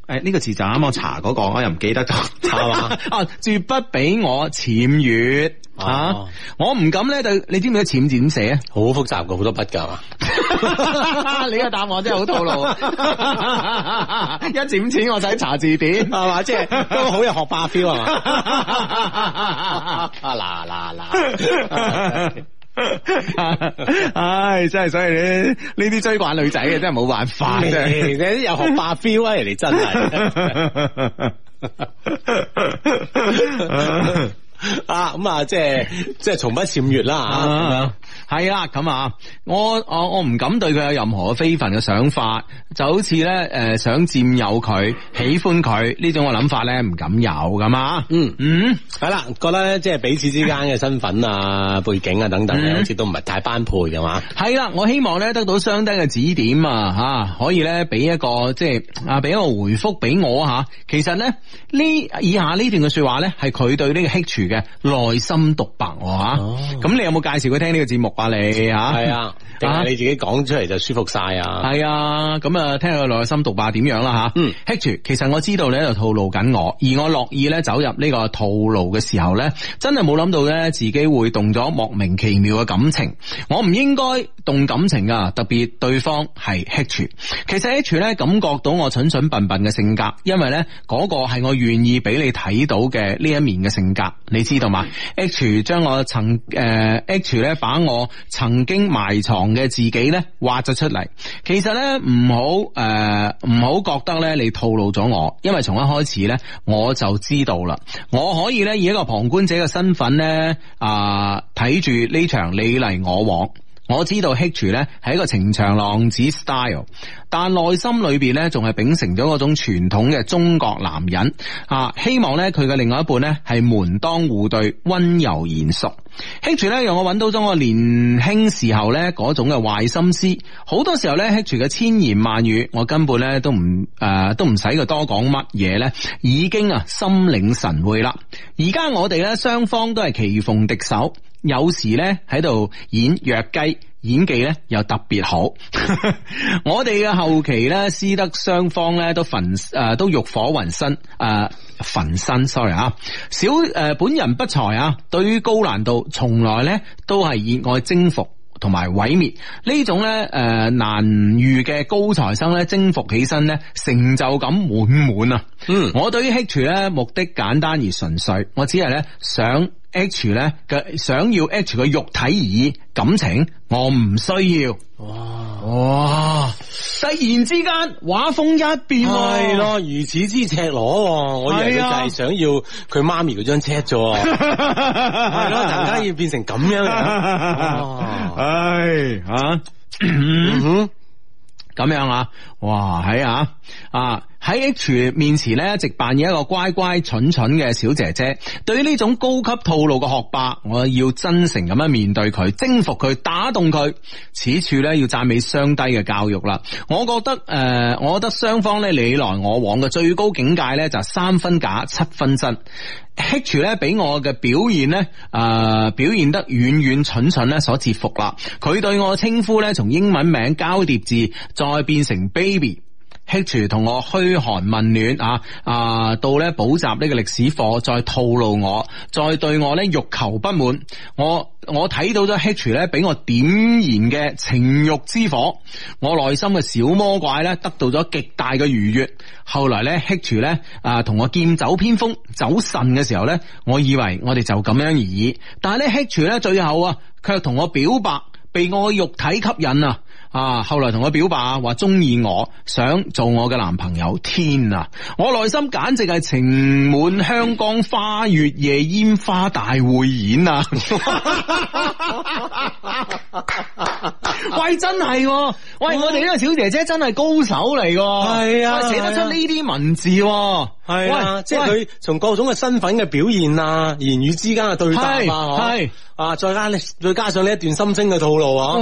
誒、哎，呢、這個字就啱我查嗰、那個，我又唔記得咗，係嘛？ (laughs) 啊，絕不俾我潛月啊，啊！我唔敢咧，就你知唔知個潛字點寫啊？好複雜嘅，好多筆㗎 (laughs) 你嘅答案真係好套路， (laughs) (laughs) 一剪錢我就使查字典係嘛？即係都好有學霸 feel 啊！啊嗱嗱嗱！唉、 (laughs) 哎，真係，所以你呢啲追慣女仔嘅真係冇辦法，真 (laughs) 係你有學霸彪 (laughs) (laughs) 啊！人哋真係啊咁啊，即係即係從不僭越啦啊！嗯嗯係啦，咁啊，我我我唔敢對佢有任何非分嘅想法，就好似咧，誒，想佔有佢、喜歡佢呢種嘅諗法咧，唔敢有咁啊。嗯嗯，係啦，覺得即係彼此之間嘅身份啊、背景啊等等，好似都唔係太般配嘅嘛。係啦，我希望咧得到相低嘅指點啊，吓可以咧俾一個即係啊俾一個回覆俾我吓。其實咧呢這以下呢段嘅說話咧係佢對呢個 Hitch 嘅內心獨白吓。咁、哦、你有冇介紹佢聽呢個節目？話你啊，係啊，你自己講出嚟就舒服晒啊！係啊，咁啊，聽下內心獨白點樣啦吓。嗯，H，其實我知道你喺度套路緊我，而我樂意咧走入呢個套路嘅時候咧，真係冇諗到咧自己會動咗莫名其妙嘅感情。我唔應該動感情啊，特別對方係 H。其實 H 咧感覺到我蠢蠢笨笨嘅性格，因為咧個係我願意俾你睇到嘅呢一面嘅性格，你知道嘛，嗯？H 將我曾誒、呃、H 咧把我。曾經埋藏嘅自己呢，挖咗出嚟。其實呢，唔好誒，唔好覺得呢，你套路咗我，因為從一開始呢，我就知道啦。我可以呢，以一個旁觀者嘅身份呢，啊、呃，睇住呢場你嚟我往。我知道 Hitch 呢，係一個情場浪子 style。但內心裏邊咧，仲係秉承咗嗰種傳統嘅中國男人啊，希望咧佢嘅另外一半咧係門當戶對、温柔賢淑。Hitch 咧讓我揾到咗我年輕時候咧嗰種嘅壞心思，好多時候咧 Hitch 嘅千言萬語，我根本咧都唔誒、呃、都唔使佢多講乜嘢咧，已經啊心領神會啦。而家我哋咧雙方都係棋逢敵手，有時咧喺度演弱雞。演技咧又特別好， (laughs) 我哋嘅後期咧師德雙方咧都焚誒、呃、都欲火焚身誒、呃、焚身 sorry 啊，小誒、呃、本人不才啊，對於高難度從來咧都係熱愛征服同埋毀滅種呢種咧誒難遇嘅高材生咧征服起身咧成就感滿滿啊，嗯，我對於 h i t 咧目的簡單而純粹，我只係咧想。H 咧嘅想要 H 嘅肉體而感情我唔需要。哇哇！突然之間畫風一變，係咯，如此之赤裸。我以為佢就係想要佢媽咪嗰張車啫。係 (laughs) 咯，突然間要變成咁樣？唉，吓，咁樣啊？哇，係啊！啊！喺 H 面前呢，一直扮演一個乖乖蠢蠢嘅小姐姐。對於呢種高級套路嘅學霸，我要真誠咁樣面對佢，征服佢，打動佢。此處呢，要讚美雙低嘅教育啦。我覺得誒、呃，我覺得雙方呢，你來我往嘅最高境界呢，就三分假七分真。H 呢俾我嘅表現呢，誒、呃，表現得遠遠蠢蠢所折服啦。佢對我嘅稱呼呢，從英文名交疊字，再變成 baby。Hitcher 同我噓寒問暖啊，啊到咧補習呢個歷史課，再套路我，再對我咧欲求不滿。我我睇到咗 Hitcher 咧俾我點燃嘅情慾之火，我內心嘅小魔怪咧得到咗極大嘅愉悅。後來咧 Hitcher 咧啊同我劍走偏鋒，走腎嘅時候咧，我以為我哋就咁樣而已。但係咧 Hitcher 咧最後啊，卻同我表白，被我嘅肉體吸引啊！啊！後來同我表白，話中意我，想做我嘅男朋友。天啊！我內心簡直係情滿香江花月夜煙花大會演啊！ (laughs) (laughs) (laughs) (laughs) 喂，真係、哦，喂，我哋呢個小姐姐真係高手嚟，係啊，寫得出呢啲文字、哦，係、啊，即係佢從各種嘅身份嘅表現啊，言語之間嘅對待，啊，係啊，再、哦、加，再加上呢一段心聲嘅套路啊。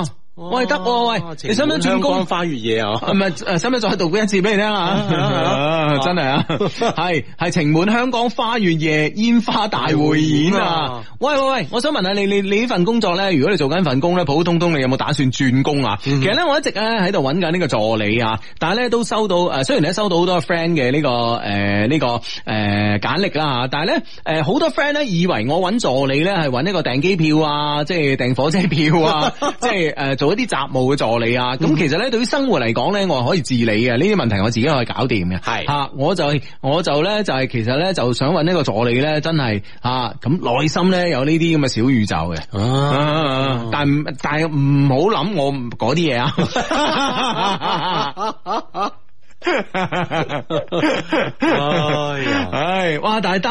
哇喂得喂，啊、喂你想唔想轉工？花月夜啊，唔係誒，想唔想再喺度讀一次俾你聽啊？ (laughs) (laughs) 真係啊，係係情滿香港花月夜煙花大會演啊！ (laughs) 喂喂喂，我想問下你你你呢份工作咧，如果你做緊份工咧，普普通通，你有冇打算轉工啊？嗯、其實咧，我一直咧喺度揾緊呢個助理啊，但係咧都收到誒，雖然咧收到好多 friend 嘅、這個呃這個呃、呢個誒呢個誒簡歷啦吓，但係咧誒好多 friend 咧以為我揾助理咧係揾呢個訂機票啊，即係訂火車票啊， (laughs) 即係誒、呃、做。嗰啲雜務嘅助理啊，咁其實咧對於生活嚟講咧，我係可以自理嘅，呢啲問題我自己可以搞掂嘅。係吓，我就我就咧就係其實咧就想揾呢個助理咧，真係吓咁內心咧有呢啲咁嘅小宇宙嘅。哦、啊，但但唔好諗我嗰啲嘢啊。 (laughs) (laughs) (laughs) 哎呀，唉，哇，大係得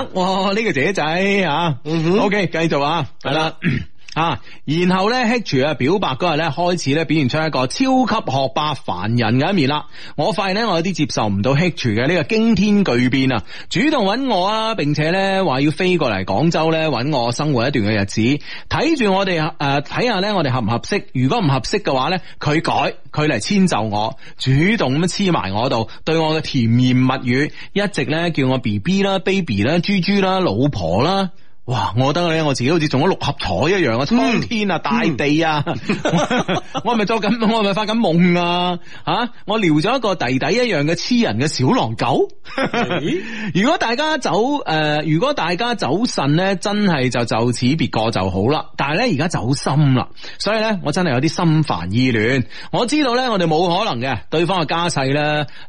呢個姐姐啊，OK 繼續啊，係、嗯、啦。Okay, 啊，然後呢 Hitcher 啊表白嗰日呢，開始呢，表現出一個超級學霸凡人嘅一面啦。我發現呢，我有啲接受唔到 Hitcher 嘅呢個驚天巨變啊！主動揾我啊，並且呢話要飛過嚟廣州呢，揾我生活一段嘅日子，睇住我哋誒睇下呢，呃、看看我哋合唔合適。如果唔合適嘅話呢，佢改佢嚟遷就我，主動咁黐埋我度，對我嘅甜言蜜語，一直呢，叫我 BB 啦、baby 啦、豬豬啦、老婆啦。哇！我覺得咧，我自己好似中咗六合彩一樣啊！蒼天啊，大地啊，嗯嗯、 (laughs) 我係咪做緊？我係咪發緊夢啊？吓、啊！我撩咗一個弟弟一樣嘅黐人嘅小狼狗 (laughs) 如、呃。如果大家走誒，如果大家走腎咧，真係就就此別過就好啦。但係咧，而家走心啦，所以咧，我真係有啲心煩意亂。我知道咧，我哋冇可能嘅，對方嘅家世咧，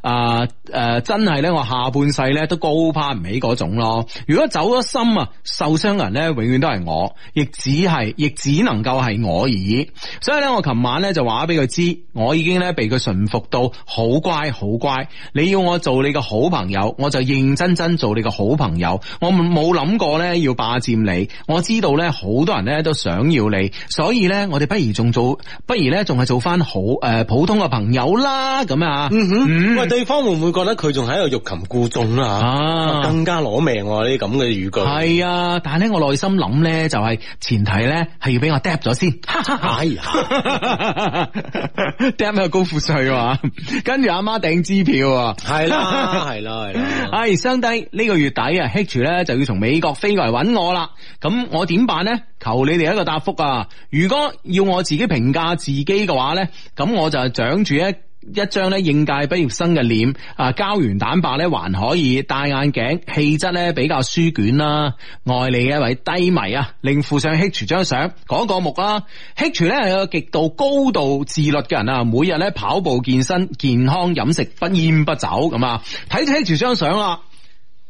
啊、呃、誒、呃，真係咧，我下半世咧都高攀唔起嗰種咯。如果走咗心啊，受傷。生人咧永遠都係我，亦只係亦只能夠係我而已。所以咧，我琴晚咧就話咗俾佢知，我已經咧被佢馴服到好乖好乖。你要我做你個好朋友，我就認真真做你個好朋友。我冇冇諗過咧要霸占你。我知道咧好多人咧都想要你，所以咧我哋不如仲做，不如咧仲係做翻好誒、呃、普通嘅朋友啦。咁啊，嗯哼，嗯喂，對方會唔會覺得佢仲喺度欲擒故縱啊？更加攞命呢啲咁嘅語句。係啊，但我內心諗咧就係，前提咧係要俾我嗒咗先， (laughs) 哎呀，嗒 (laughs) 咩 (laughs) 高富帥嘛？ (laughs) 跟住阿媽訂支票，係啦係啦係。哎， (laughs) (laughs) 相低呢、呢個月底啊，Hitch 咧就要從美國飛過嚟揾我啦。咁我點辦咧？求你哋一個答複啊！如果要我自己評價自己嘅話咧，咁我就係長住一。一張咧應屆畢業生嘅臉啊，膠原蛋白咧還可以，戴眼鏡，氣質咧比較書卷啦，內裏一位低迷啊，另附上 h i c h e r 張相，講個目啦。h i c h e r 咧係個極度高度自律嘅人啊，每日咧跑步健身，健康飲食不不，不煙不酒。咁啊。睇住 h i c h e r 張相啊，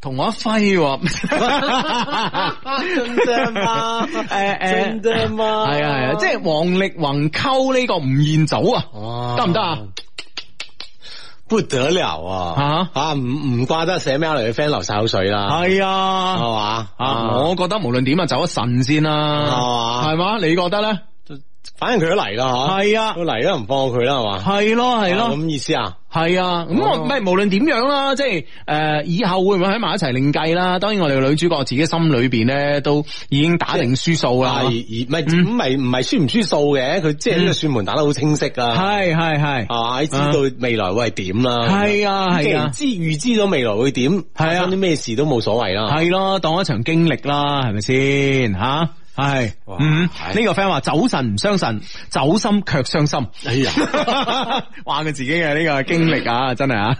同我一揮，正嘛？誒 (laughs) 誒，正嘛？係啊係啊，即係王力宏溝呢個吳彥祖啊，得唔得啊？行不得了啊！吓、啊、吓，唔唔怪得，寫咩女嘅 friend 流晒口水啦，係啊，係嘛啊，啊！我覺得無論點啊，走一神先啦，係嘛，係嘛？你覺得咧？反正佢都嚟啦吓，係啊，佢嚟都唔放過佢啦，係嘛？係咯，係咯，咁意思啊？係啊，咁、啊啊嗯、我唔係無論點樣啦，即係誒，以後會唔會喺埋一齊另計啦？當然我哋女主角自己心裏邊咧，都已經打定輸數啦。而唔係咁，咪唔係輸唔輸數嘅，佢即係呢個算盤打得好清晰噶。係係係，知道未來會點啦。係啊係啊，就是、啊預知預知到未來會點，發生啲咩事都冇所謂啦。係咯、啊啊，當一場經歷啦，係咪先吓？啊係，嗯，呢、這個 friend 話走神唔傷神，走心卻傷心。哎呀，話 (laughs) 佢 (laughs) 自己嘅呢、這個經歷啊，真係啊，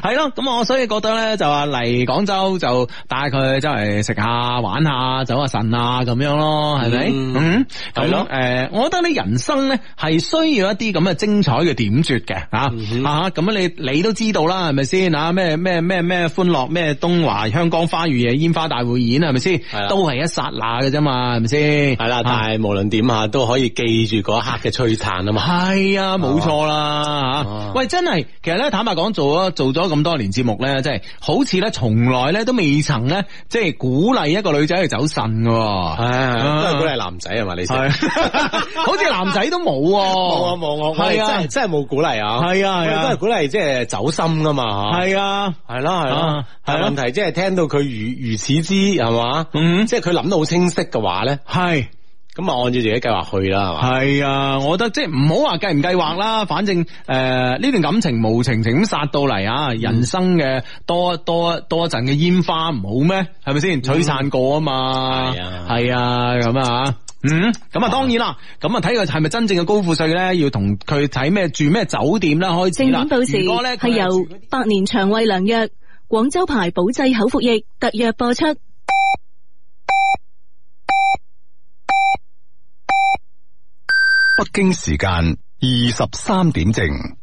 係 (laughs) 咯。咁我所以覺得咧，就話嚟廣州就帶佢周圍食下、玩一下、走一下神啊，咁樣咯，係咪？嗯，係、嗯、咯。誒、呃，我覺得你人生咧係需要一啲咁嘅精彩嘅點綴嘅，啊、嗯、啊，咁你你都知道啦，係咪先啊？咩咩咩咩歡樂咩東華香港花月夜煙花大會演係咪先？都係一剎那嘅啫嘛。是先係啦，但係無論點下都可以記住嗰一刻嘅璀璨啊嘛。係啊，冇錯啦吓，哦。喂，真係，其實咧坦白講，做做咗咁多年節目咧，真係好似咧從來咧都未曾咧，即係鼓勵一個女仔去走腎嘅。係都係鼓勵男仔啊嘛，你先好似男仔都冇，冇啊冇啊，係啊真係冇鼓勵啊。係啊係啊，勵啊都係鼓勵即係走心噶嘛吓係啊係啦係啦，但係問題即係聽到佢如如此之係嘛、嗯，即係佢諗到好清晰嘅話。係咁啊，就按照自己計劃去啦，係嘛？係啊，我覺得即係唔好話計唔計劃啦，反正誒呢段感情無情情咁殺到嚟啊、嗯，人生嘅多多多一陣嘅煙花唔好咩？係咪先？璀璨過啊嘛，係啊，啊，咁啊，嗯，咁啊，啊嗯、啊當然啦，咁啊，睇佢係咪真正嘅高富帥咧，要同佢睇咩住咩酒店啦，開始啦。正點報時，呢個呢係由百年腸胃良藥廣州牌保濟口服液特約播出。北京時間二十三點正。